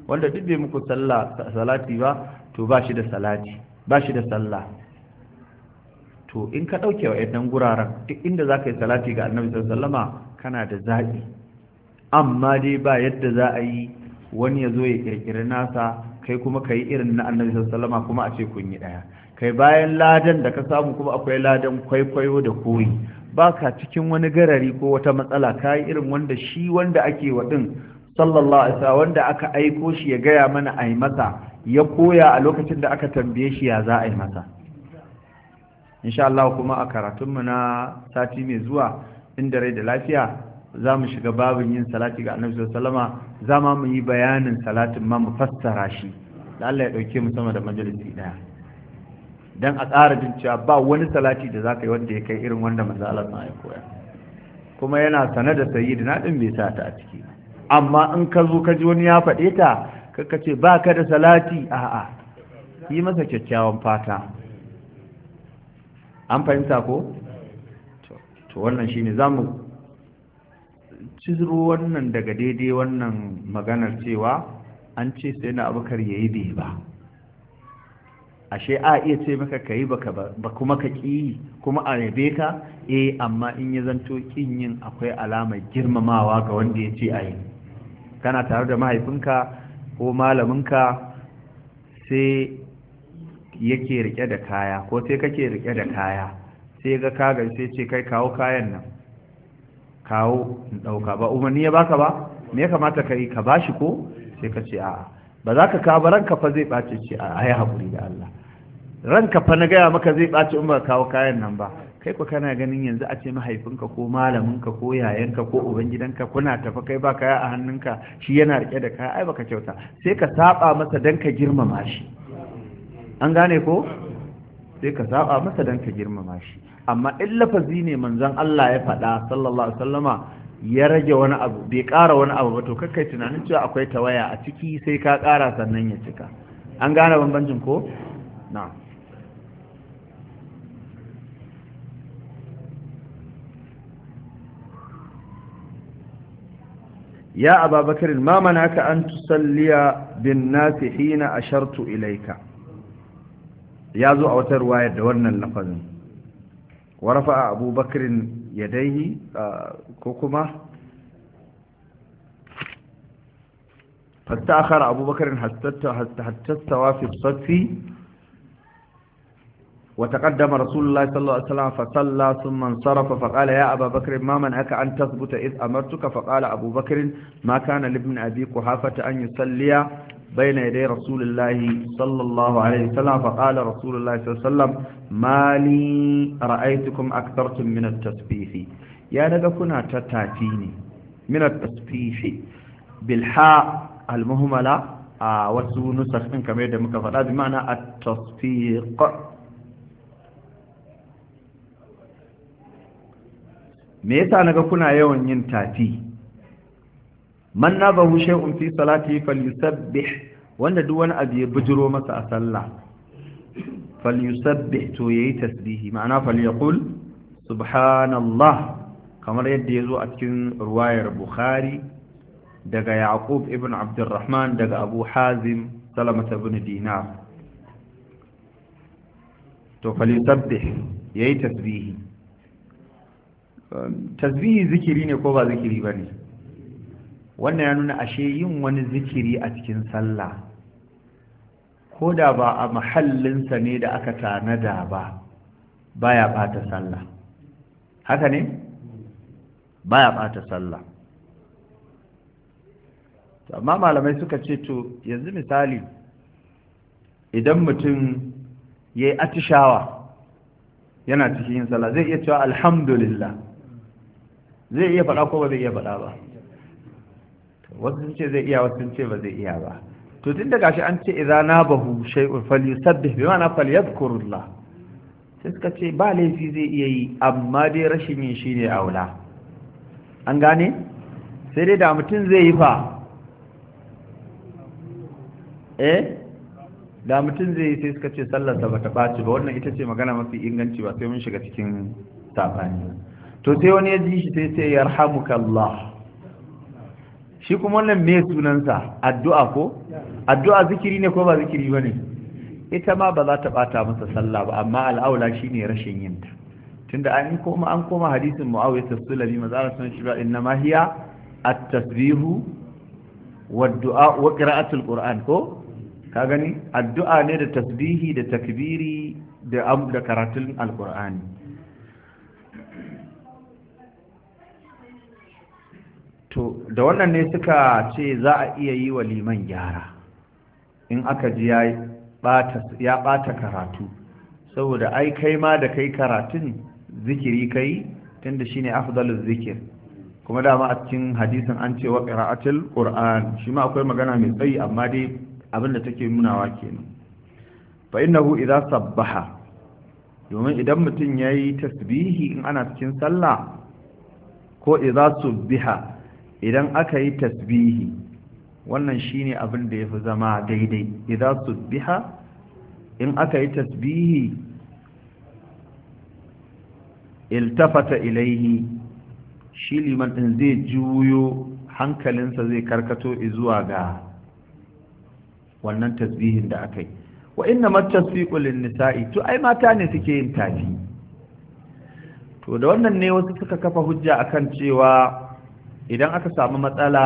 wanda duk bai muku sallah salati ba to ba shi da salati ba shi da sallah to in ka ɗauke wa yadda guraren duk inda za ka yi salati ga annabi sallama kana da zaɓi amma dai ba yadda za a yi wani ya zo ya ƙirƙiri nasa kai kuma ka yi irin na annabi sallama kuma a ce kun yi ɗaya kai bayan ladan da ka samu kuma akwai ladan kwaikwayo da koyi ba ka cikin wani garari ko wata matsala ka yi irin wanda shi wanda ake wa ɗin sallallahu alaihi wanda aka aiko shi ya gaya mana a yi masa ya koya a lokacin da aka tambaye shi ya za a yi masa insha Allah kuma a karatunmu na sati mai zuwa inda rai da lafiya za mu shiga babin yin salati ga annabi sallama za ma mu yi bayanin salatin ma mu fassara shi da Allah ya dauke mu sama da majalisi daya dan a tsara jin cewa ba wani salati da zaka yi wanda ya kai irin wanda manzo Allah ya koya kuma yana sanar da sayyidina din bai sa ta a ciki amma in ka zo ka ji wani ya faɗe ta ka ce ba ka da salati a'a yi masa kyakkyawan fata an fahimta ko to wannan shine zamu cizro wannan daga daidai wannan maganar cewa an ce sai na ya yayi bai ba ashe a iya ce maka kayi baka ba kuma ka ki kuma a yabe ka eh amma in ya zanto kin yin akwai alamar girmamawa ga wanda ya ce yi kana tare da mahaifinka ko malaminka sai yake rike da kaya ko sai kake rike da kaya sai ga kaga sai ce kai kawo kayan nan kawo in dauka ba umarni ya baka ba me ya kamata ka yi ka bashi ko sai ka ce a'a ba za ka kawo ranka fa zai ɓace ce a yi haƙuri da Allah ranka fa na gaya maka zai ɓace in ba kawo kayan nan ba kai ku kana ganin yanzu a ce mahaifinka ko malaminka ko yayanka ko ubangidanka kuna tafi kai ba kaya a hannunka shi yana rike da kaya ai baka kyauta sai ka saba masa dan ka girmama shi an gane ko sai ka saba masa don ka girmama shi amma in lafazi ne manzon Allah ya faɗa sallallahu alaihi wasallama ya rage wani abu bai ƙara wani abu ba to kakkai tunanin cewa akwai tawaya a ciki sai ka ƙara sannan ya cika an gane bambancin ko na ya ababakar ma manaka an tusalliya bin nasi hina shartu ilaika ya zo a wata ruwayar da wannan lafazin a rafa'a abubakarin daihi ko kuma fasta akhara abubakarin hattattawa fi safi وتقدم رسول الله صلى الله عليه وسلم فصلى ثم انصرف فقال يا أبا بكر ما منعك أن تثبت إذ أمرتك فقال أبو بكر ما كان لابن أبي قحافة أن يصلي بين يدي رسول الله صلى الله عليه وسلم فقال رسول الله صلى الله عليه وسلم ما لي رأيتكم أكثرتم من التسبيح يا لقكنا تتاتيني من التسبيح بالحاء المهملة آه وسو نسخ كما يدمك فلا بمعنى التصفيق me yasa naga kuna yawan yin tati man nazahu shay'un fi salati falyusabbih wanda duk wani abu ya bujiro masa a sallah falyusabbih to yayi tasbihi ma'ana falyaqul subhanallah kamar yadda yazo a cikin ruwayar bukhari daga yaqub ibn abdurrahman daga abu hazim salamata ibn dinar to falyusabbih yayi tasbihi tasbihi zikiri ne ko ba zikiri ba ne wannan ya nuna ashe yin wani zikiri a cikin sallah ko da ba a mahallinsa ne da aka tanada ba baya bata sallah haka ne baya bata sallah amma malamai suka ce to yanzu misali idan mutum ya yi atishawa yana cikin yin sallah zai iya cewa alhamdulillah zai iya faɗa ko ba zai iya faɗa ba wasu sun ce zai iya wasu sun ce ba zai iya ba to tun da gashi an ce idza nabahu shay'un falyusabbih bi ma'ana falyadhkurullah sai suka ce ba laifi zai iya yi amma dai rashin yin shine aula an gane sai dai da mutum zai yi fa eh da mutum zai yi sai suka ce sallarsa ba ta ɓaci ba wannan ita ce magana mafi inganci ba sai mun shiga cikin saɓani to sai wani ya ji shi sai sai yarhamukallah shi kuma wannan me sunansa addu'a ko addu'a zikiri ne ko ba zikiri ne? ita ma ba za ta bata masa sallah ba amma al'aula shine rashin yin tunda an koma an koma hadisin lalima za a san shi ba inna mahiya", hiya at-tasbihu wa qur'an ko ka gani addu'a ne da tasbihi da takbiri da karatun alqur'ani to da wannan ne suka ce za a iya yi wa liman gyara in aka ji ya ɓata karatu saboda ai kai ma da kai karatun zikiri kai tunda ne afdalul zikir kuma dama a cikin hadisin an ce wa ƙiraatul qur'an shi ma akwai magana mai tsayi amma dai abin da take munawa kenan fa innahu idza sabbaha domin idan mutum yayi tasbihi in ana cikin sallah ko idza subbiha idan aka yi tasbihi wannan shine abin da yafi zama daidai idan biha, in aka yi tasbihi iltafata ilaihi shi liman din zai juyo hankalinsa zai karkato zuwa ga wannan tasbihin da aka yi wa inna matasfiqu lin nisa'i to ai mata ne suke yin tafi to da wannan ne wasu suka kafa hujja akan cewa idan aka samu matsala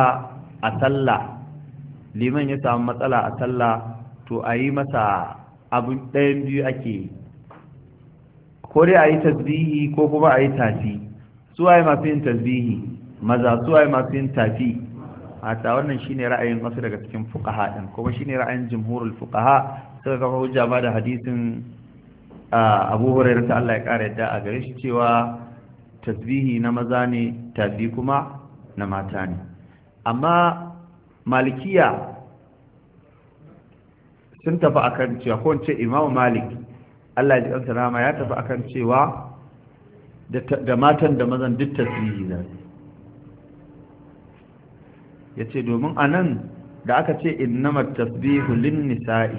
a sallah liman ya samu matsala a sallah to a yi masa abin ɗayan biyu ake ko dai a yi tasbihi ko kuma a yi tafi su yi masu yin tasbihi maza su yi masu yin tafi hata wannan shine ra'ayin wasu daga cikin fuqaha din kuma shine ra'ayin jumhurul fuqaha suka kafa hujja ba da hadisin Abu Hurairah ta Allah ya kare yadda a gare shi cewa tasbihi na maza ne tafi kuma na mata ne amma malikiya sun tafi akan cewa ko ce imamu malik Allah ya ji ɗansa rama ya tafi akan cewa da matan da mazan duk tasiri da ya ce domin a nan da aka ce innamar tasbihu lin nisa'i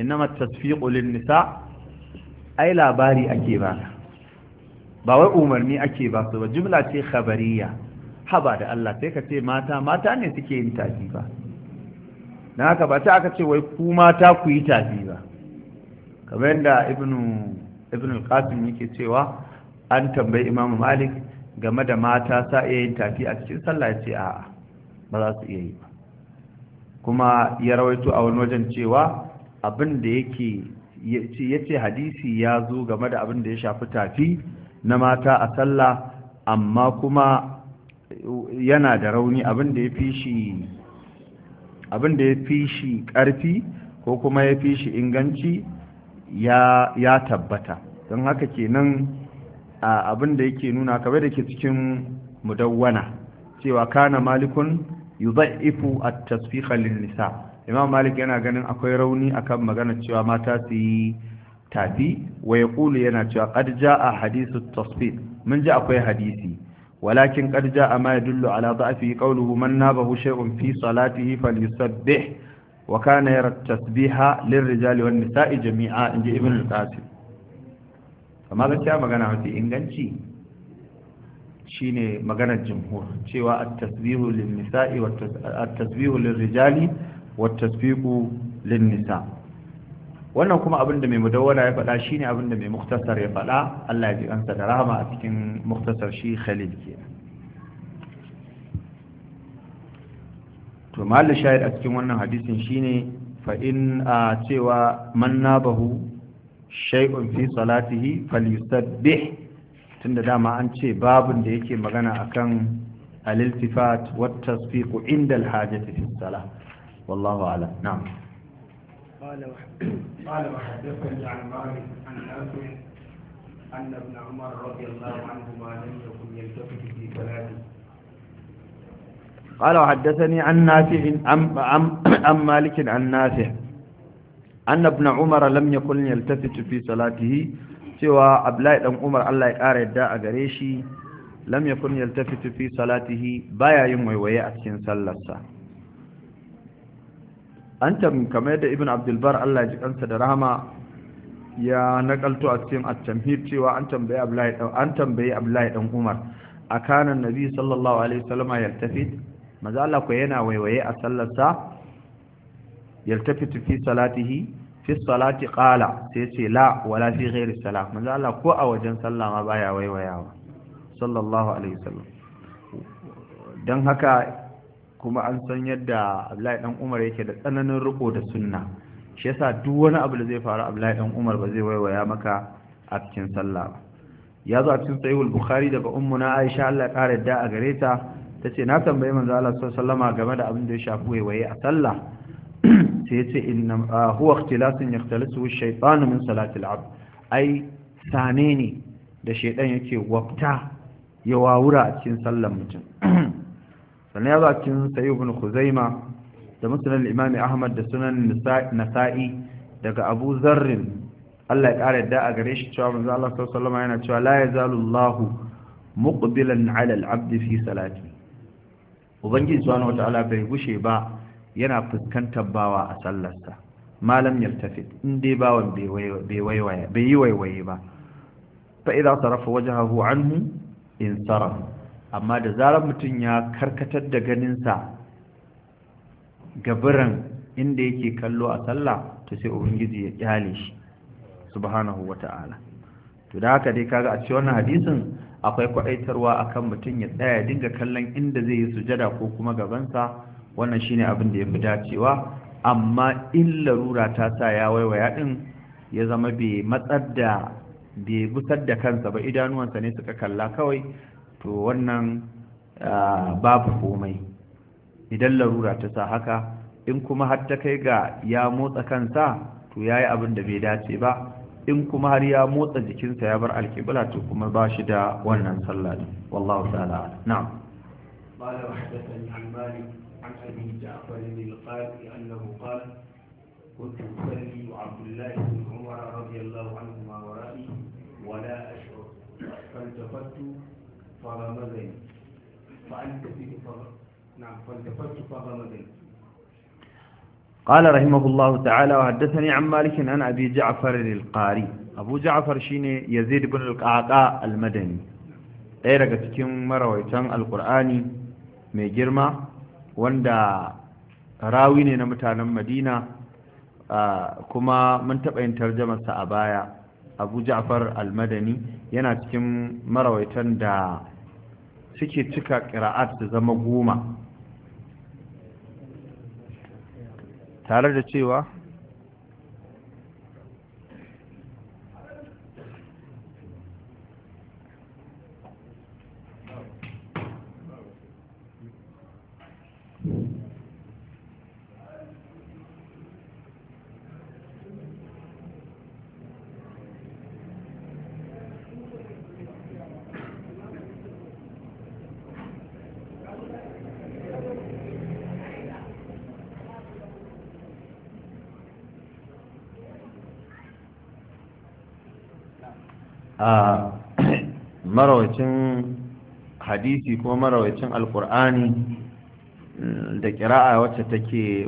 innamar tasfiqu lin nisa ai labari ake ba ba wai umarni ake ba su ba jumla ce khabariya haba da Allah sai ka ce mata mata ne suke yin tafi ba na haka ba ta aka ce wai ku mata ku yi tafi ba kamar yadda ibn al-qasim yake cewa an tambayi imamu malik game da mata sa iya yin tafi a cikin sallah ya ce a'a ba za su iya yi ba kuma ya rawaito a wani wajen cewa abin da yake ya ce hadisi ya zo game da abin da ya shafi tafi na mata a sallah amma kuma yana da rauni abin da ya fi shi ƙarfi ko kuma ya fi shi inganci ya, tabbata don haka kenan abin da yake nuna kawai da ke cikin mudawwana cewa kana malikun yuza'ifu at-tasfiha lin-nisa imam malik yana ganin akwai rauni akan magana cewa mata su yi tafi wa yaqulu yana cewa qad jaa hadithu at-tasfih mun ji akwai hadisi ولكن قد جاء ما يدل على ضعفه قوله من نابه شيء في صلاته فليسبح وكان يرى التسبيح للرجال والنساء جميعا عند ابن القاسم فماذا كان مغنى في انغنشي شيني مغنى الجمهور شيوا التسبيح للنساء والتسبيح للرجال والتسبيح للنساء wannan kuma abin da mai mudawwala ya faɗa shine abin da mai muktasar ya faɗa Allah ya ji ansa da rahama a cikin muktasar shi Khalil ke to mahallu shahid a cikin wannan hadisin shine fa in a cewa man nabahu shay'un fi salatihi falyusabbih tunda dama an ce babun da yake magana akan al-iltifat wat tasfiq inda al-hajati fi salah wallahu a'lam na'am قال قال وحدثني عن مالك عن نافع أن ابن عمر رضي الله عنهما لم يكن يلتفت في كلامه قال وحدثني عن نافع عن عن مالك عن نافع أن ابن عمر لم يكن يلتفت في صلاته سوى أبلاء أم عمر الله يقارئ الداء قريشي lam yakun yaltafitu fi salatihi baya yin waiwaye a cikin sallarsa an tam kamar yadda ibn abdulbar allah ji kansa da rahama ya nakalto a cikin at-tamhid cewa an tambaye abdullahi dan an tambaye dan umar akana nabi sallallahu alaihi wasallama yaltafit maza Allah ko yana waiwaye a sallarsa yaltafitu fi salatihi fi salati qala sai ce la wala fi ghairi salah manzo Allah ko a wajen sallah ma baya waiwayawa sallallahu alaihi wasallam dan haka kuma an san yadda abdullahi dan umar yake da tsananin riko da sunna shi yasa duk wani abu da zai faru abdullahi dan umar ba zai waiwaya maka a cikin sallah ba ya zo a cikin sahihul bukhari daga ummuna aisha Allah ya kare da a gare ta tace na tambaye manzo Allah sallallahu alaihi game da abin da ya shafi waiwaye a sallah sai yace inna huwa ikhtilasun yakhtalisu ash-shaytanu min salati al-abd ai sane ne da shaydan yake wafta ya wawura a cikin sallar mutum sannan ya zo a cikin sayi ibn khuzaima da musulun imami ahmad da sunan nasa'i daga abu zarrin allah ya ƙara yadda a gare shi cewa manzo allah sallama yana cewa la yazalu allah muqbilan ala al fi salati ubangiji subhanahu ta'ala bai gushe ba yana fuskantar bawa a sallarsa malam yaltafit in dai bawan bai yi waiwaye ba fa idza sarafa wajhahu anhu in sarafa amma da zarar mutum ya karkatar da ganinsa gabiran inda yake kallo a sallah to sai ubangiji ya kyale shi subhanahu wata'ala to da haka dai kaga a cikin wannan hadisin akwai kwaɗaitarwa akan mutum ya tsaya dinga kallon inda zai yi sujada ko kuma gabansa wannan shine abin da ya fi dacewa amma in larura ta sa ya waiwaya din ya zama bai matsar da bai busar da kansa ba idanuwansa ne suka kalla kawai to wannan babu komai idan larura ta sa haka in kuma har ta kai ga ya motsa kansa to ya yi abin da bai dace ba in kuma har ya motsa jikinsa ya bar alkibla to kuma ba shi da wannan sallah wallahu ta'ala na'am كنت وعبد الله بن عمر رضي الله عنهما ورائي ولا Ƙala rahimahullahu ta'ala فالتفت فغمزني قال رحمه الله تعالى وحدثني عن مالك عن أبي جعفر القاري أبو جعفر شيني يزيد بن المدني ɗaya daga cikin marawaitan alkur'ani mai girma wanda rawi ne na mutanen madina kuma mun taɓa yin tarjamarsa a baya abu ja'far almadani yana cikin marawaitan da suke cika ƙira'at da zama goma tare da cewa a marawacin hadisi ko marawacin alkur'ani mm, da kira'a wacce take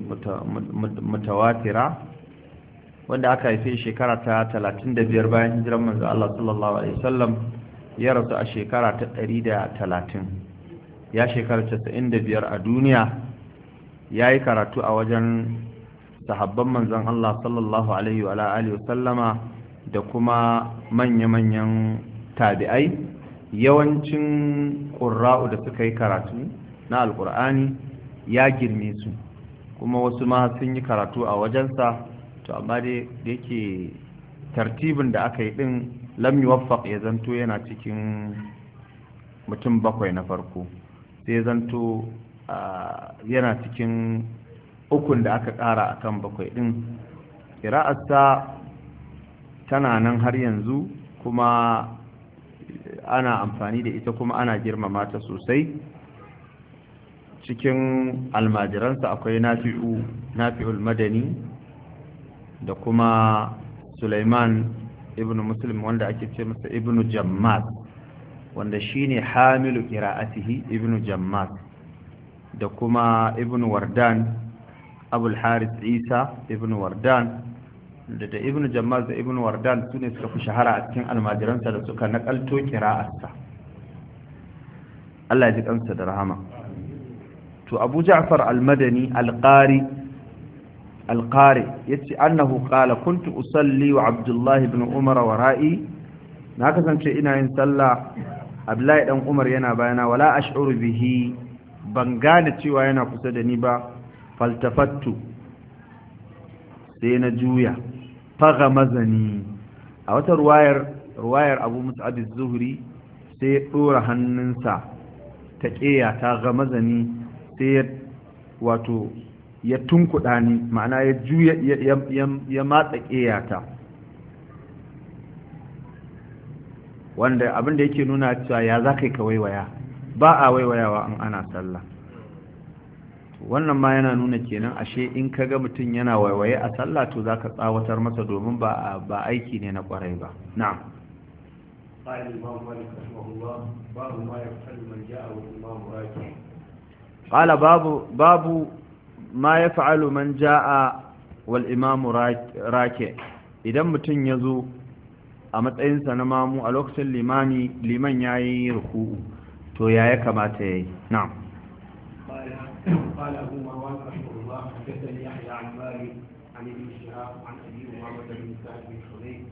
mutawatira wanda aka haife shekara ta 35 bayan hijiran manzo Allah sallallahu alaihi wasallam ya rasu a shekara ta 130 ya shekara 95 a duniya ya yi karatu a wajen sahabban manzon Allah sallallahu alaihi wa alihi wasallama da kuma manya-manyan tabi'ai yawancin ƙura'u da suka yi karatu na alƙur'ani ya girme su kuma wasu ma sun yi karatu a wajensa to amma da yake tartibin da aka yi ɗin lamni waffaƙ ya zanto yana cikin mutum bakwai na farko sai zanto yana cikin ukun da aka ƙara a kan bakwai ɗin ƙira'arsa tana nan har yanzu kuma ana amfani da ita kuma ana girmama ta sosai cikin almajiransa akwai nafi'u nafi'ul madani da kuma Suleiman ibn Muslim wanda ake ce masa ibn jammat wanda shine hamilu qira'atihi ibn jammat da kuma ibn Wardan Abul Harith Isa ibn Wardan da da ibnu jamal da ibnu wardan su ne suka fi shahara a cikin almajiransa da suka naƙalto kira'arsa Allah ya ji kansa da rahama to abu ja'far almadani al-qari al yace annahu qala kuntu usalli wa abdullahi ibn umar wa ra'i na kasance ina yin sallah abdullahi dan umar yana bayana wala ash'uru bihi ban gane cewa yana kusa da ni ba faltafattu sai na juya mazani, a wata ruwayar ruwayar abu mus'ab az sai ya dora hannunsa ta ƙeya ta ghamazani sai wato ya tunkuda ni ma'ana ya juya ya matsa ƙeyata wanda abinda yake nuna cewa ya za ka yi ka waiwaya ba a waiwayawa an ana sallah wannan ma yana nuna kenan ashe in ka ga mutum yana waiwaye a sallah to za ka tsawatar masa domin ba aiki ne na kwarai ba na'am babu باب باب ما يفعل من جاء والامام راكع idan mutum ya zo a matsayinsa na mamu a lokacin limami liman ya yi ruku'u to ya kamata yi na'am قال أبو مروان رحمه الله حدثني يحيى عن مالك عن ابن شهاب عن أبي أمامة بن سعد بن حنين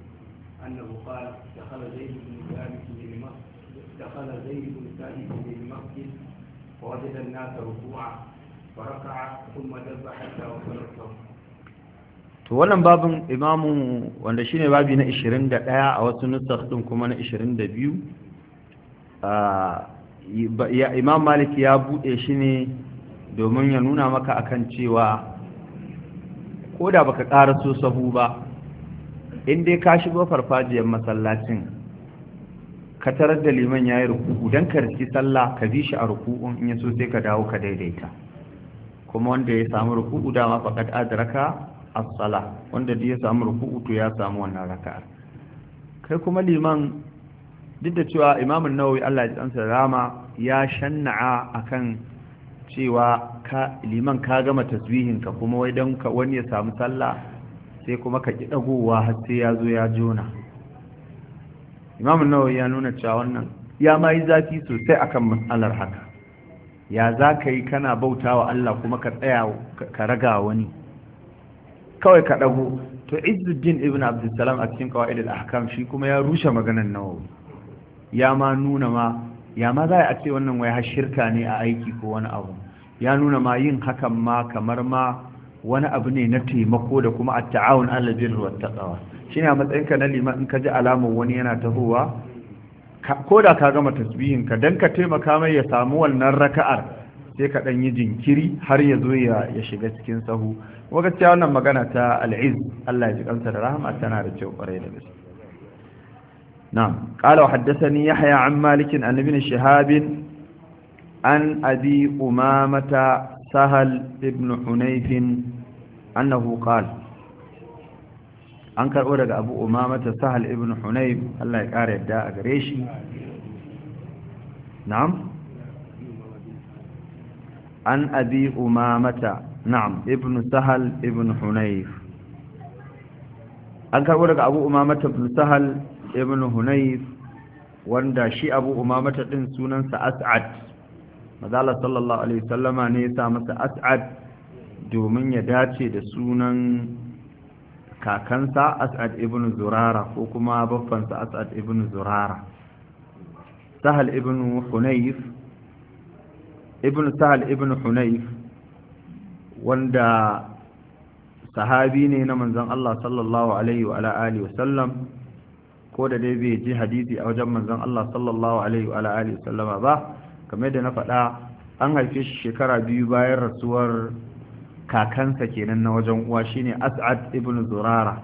أنه قال دخل زيد بن ثابت للمسجد دخل زيد بن ثابت للمسجد فوجد الناس ركوعا فركع ثم دب حتى وصل الصف to wannan babin imamu wanda shine babi na 21 a wasu nusakh din kuma na 22 imam malik ya bude shi ne domin ya nuna maka akan cewa ko da baka so sahu ba inda ka shigo farfajiyar masallacin ka tarar da liman ya yi ruku'u don ka riski sallah ka bi shi a ruku'un in ya so sai ka dawo ka daidaita kuma wanda ya samu rukuku dama faƙad adraka a sala wanda ya samu rukuku to ya samu wannan raka kai kuma liman duk da cewa imamun nawawi Allah ya tsansa rama ya shanna'a akan cewa ka liman ka gama taswihin ka kuma wai dan ka wani ya samu sallah sai kuma ka ki dagowa har sai ya zo ya jona Imam Nawawi ya nuna cewa wannan ya ma yi zafi sosai akan matsalar haka ya za ka yi kana bautawa Allah kuma ka tsaya ka raga wani kawai ka dago to Izzuddin Ibn Abdulsalam a cikin qawaid al-ahkam shi kuma ya rushe maganar Nawawi ya ma nuna ma ya ma za a ce wannan wai har shirka ne a aiki ko wani abu ya nuna ma yin hakan ma kamar ma wani abu ne na taimako da kuma a taawun ala ta tsawa shi shine a ka na liman in ka ji alamun wani yana tahowa ko da ka gama tasbihin ka dan ka taimaka mai ya samu wannan raka'ar sai ka ɗan yi jinkiri har ya zo ya shiga cikin sahu kuma cewa wannan magana ta al'iz Allah ya ji kansa da rahama tana da kyau kwarai da gaske na'am qala wa haddathani yahya an malik an ibn عن أبي أمامة سهل بن حنيف أنه قال أنكر أورق أبو أمامة سهل بن حنيف الله يقارب دا أقريشي نعم عن أبي أمامة نعم ابن سهل ابن حنيف karɓo daga abu umamata بن sahal ibn hunayf wanda shi abu umamata ɗin sunansa as'ad mazalar sallallahu alaihi sallama ne ya sa masa as'ad domin ya dace da sunan kakansa as'ad ibn zurara ko kuma baffansa as'ad ibn zurara sahal ibn hunayf ibn sahal ibn hunayf wanda sahabi ne na manzon Allah sallallahu alaihi wa alihi wasallam ko da dai bai ji hadisi a wajen manzon Allah sallallahu alaihi wa alihi wasallama ba kamar da na faɗa an haife shi shekara biyu bayan rasuwar kakansa kenan na wajen uwa shine as'ad ibn zurara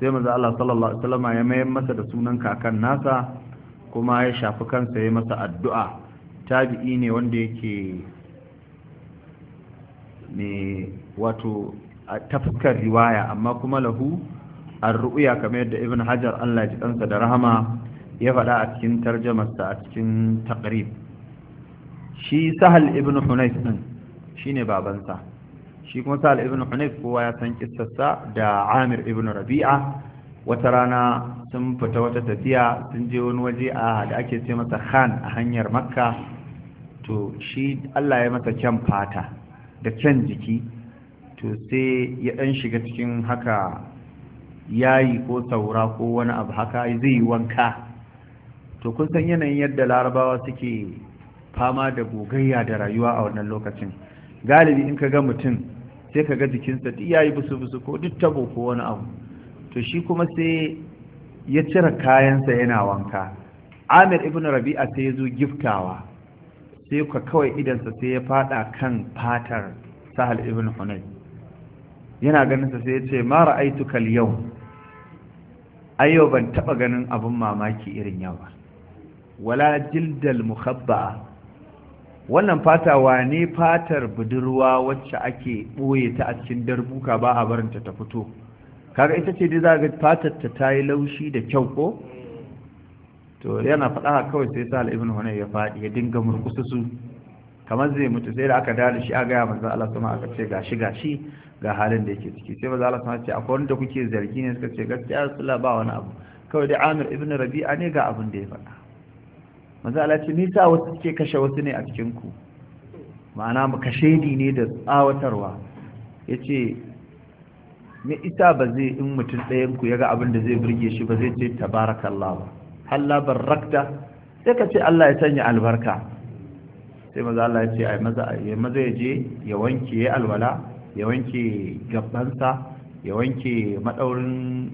sai maza Allah sallallahu alaihi wasallam ya mayar masa da sunan kakan nasa kuma ya shafi kansa ya masa addu'a tabi'i ne wanda yake ne wato ta fuskar riwaya amma kuma lahu an ru'uya kamar yadda ibn hajar Allah ya ji kansa da rahama ya faɗa a cikin tarjamarsa a cikin taqrib shi sahal ibn hunayf din shine babansa shi kuma sahal ibn hunayf kowa ya san kissarsa da amir ibn rabi'a wata rana sun fita wata tafiya sun je wani waje a da ake ce masa khan a hanyar makka to shi allah ya masa kyan fata da kyan jiki to sai ya ɗan shiga cikin haka yayi ko saura ko wani abu haka zai yi wanka to kun san yanayin yadda larabawa suke fama da gogayya da rayuwa a wannan lokacin galibi in ka ga mutum sai ka ga jikinsa duk yayi busu-busu ko duk tabo ko wani abu to shi kuma sai ya cire kayansa yana wanka amir ibn rabi'a sai ya zo giftawa sai ka kawai idansa sai ya fada kan fatar sahal ibn hunay yana ganin sa sai ya ce ma ra'aituka yau ayo ban taba ganin abun mamaki irin yawa wala jildal mukhabba wannan fata ne fatar budurwa wacce ake ɓoye ta a cikin darbuka ba a barinta ta fito kaga ita ce dai za ga fatar ta ta yi laushi da kyau ko to yana faɗa kawai sai sa ibn hunay ya faɗi ya dinga murkusa su kamar zai mutu sai da aka dada shi a gaya manzo Allah sama aka ce gashi gashi ga halin da yake ciki sai manzo Allah sama ce akwai wanda kuke zargi ne suka ce gaskiya su ba wani abu kawai dai Amir ibn Rabi'a ne ga abin da ya faɗa maza Allah ce nisa wasu suke kashe wasu ne a cikinku? ma'ana mu kashe ni ne da tsawatarwa Ya ce, me ita ba zai in mutum ɗayan ku ga abin da zai burge shi ba zai ce tabarakan ba halla rakta. sai ka ce Allah ya sanya albarka sai maza Allah ya ce maza ya maza ya je ya wanke ya alwala ya wanke gabansa ya wanke madaurin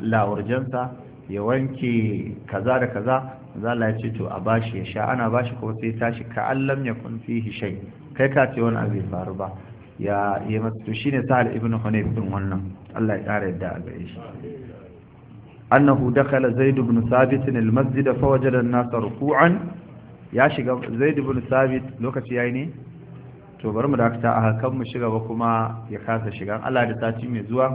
lawarjansa ya wanke kaza da kaza za ya ce to a bashi ya sha ana bashi kuma sai tashi ka allam ya kun fihi shay kai ka ce wani abu faru ba ya yi masu to shine sahal ibn hunayf din wannan Allah ya kare yadda a gare shi annahu dakala zaid ibn sabit al-masjid fa wajada an-nas ruku'an ya shiga zaid ibn sabit lokaci yayi ne to bari mu dakata a hakan mu shiga ba kuma ya kasa shiga Allah da sati mai zuwa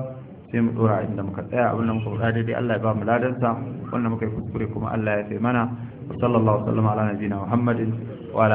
sai mu dora inda muka tsaya abin da muka faɗa daidai Allah ya ba mu ladansa wannan muka yi kuskure kuma Allah ya sai mana wa sallallahu alaihi wa sallam ala nabiyina Muhammadin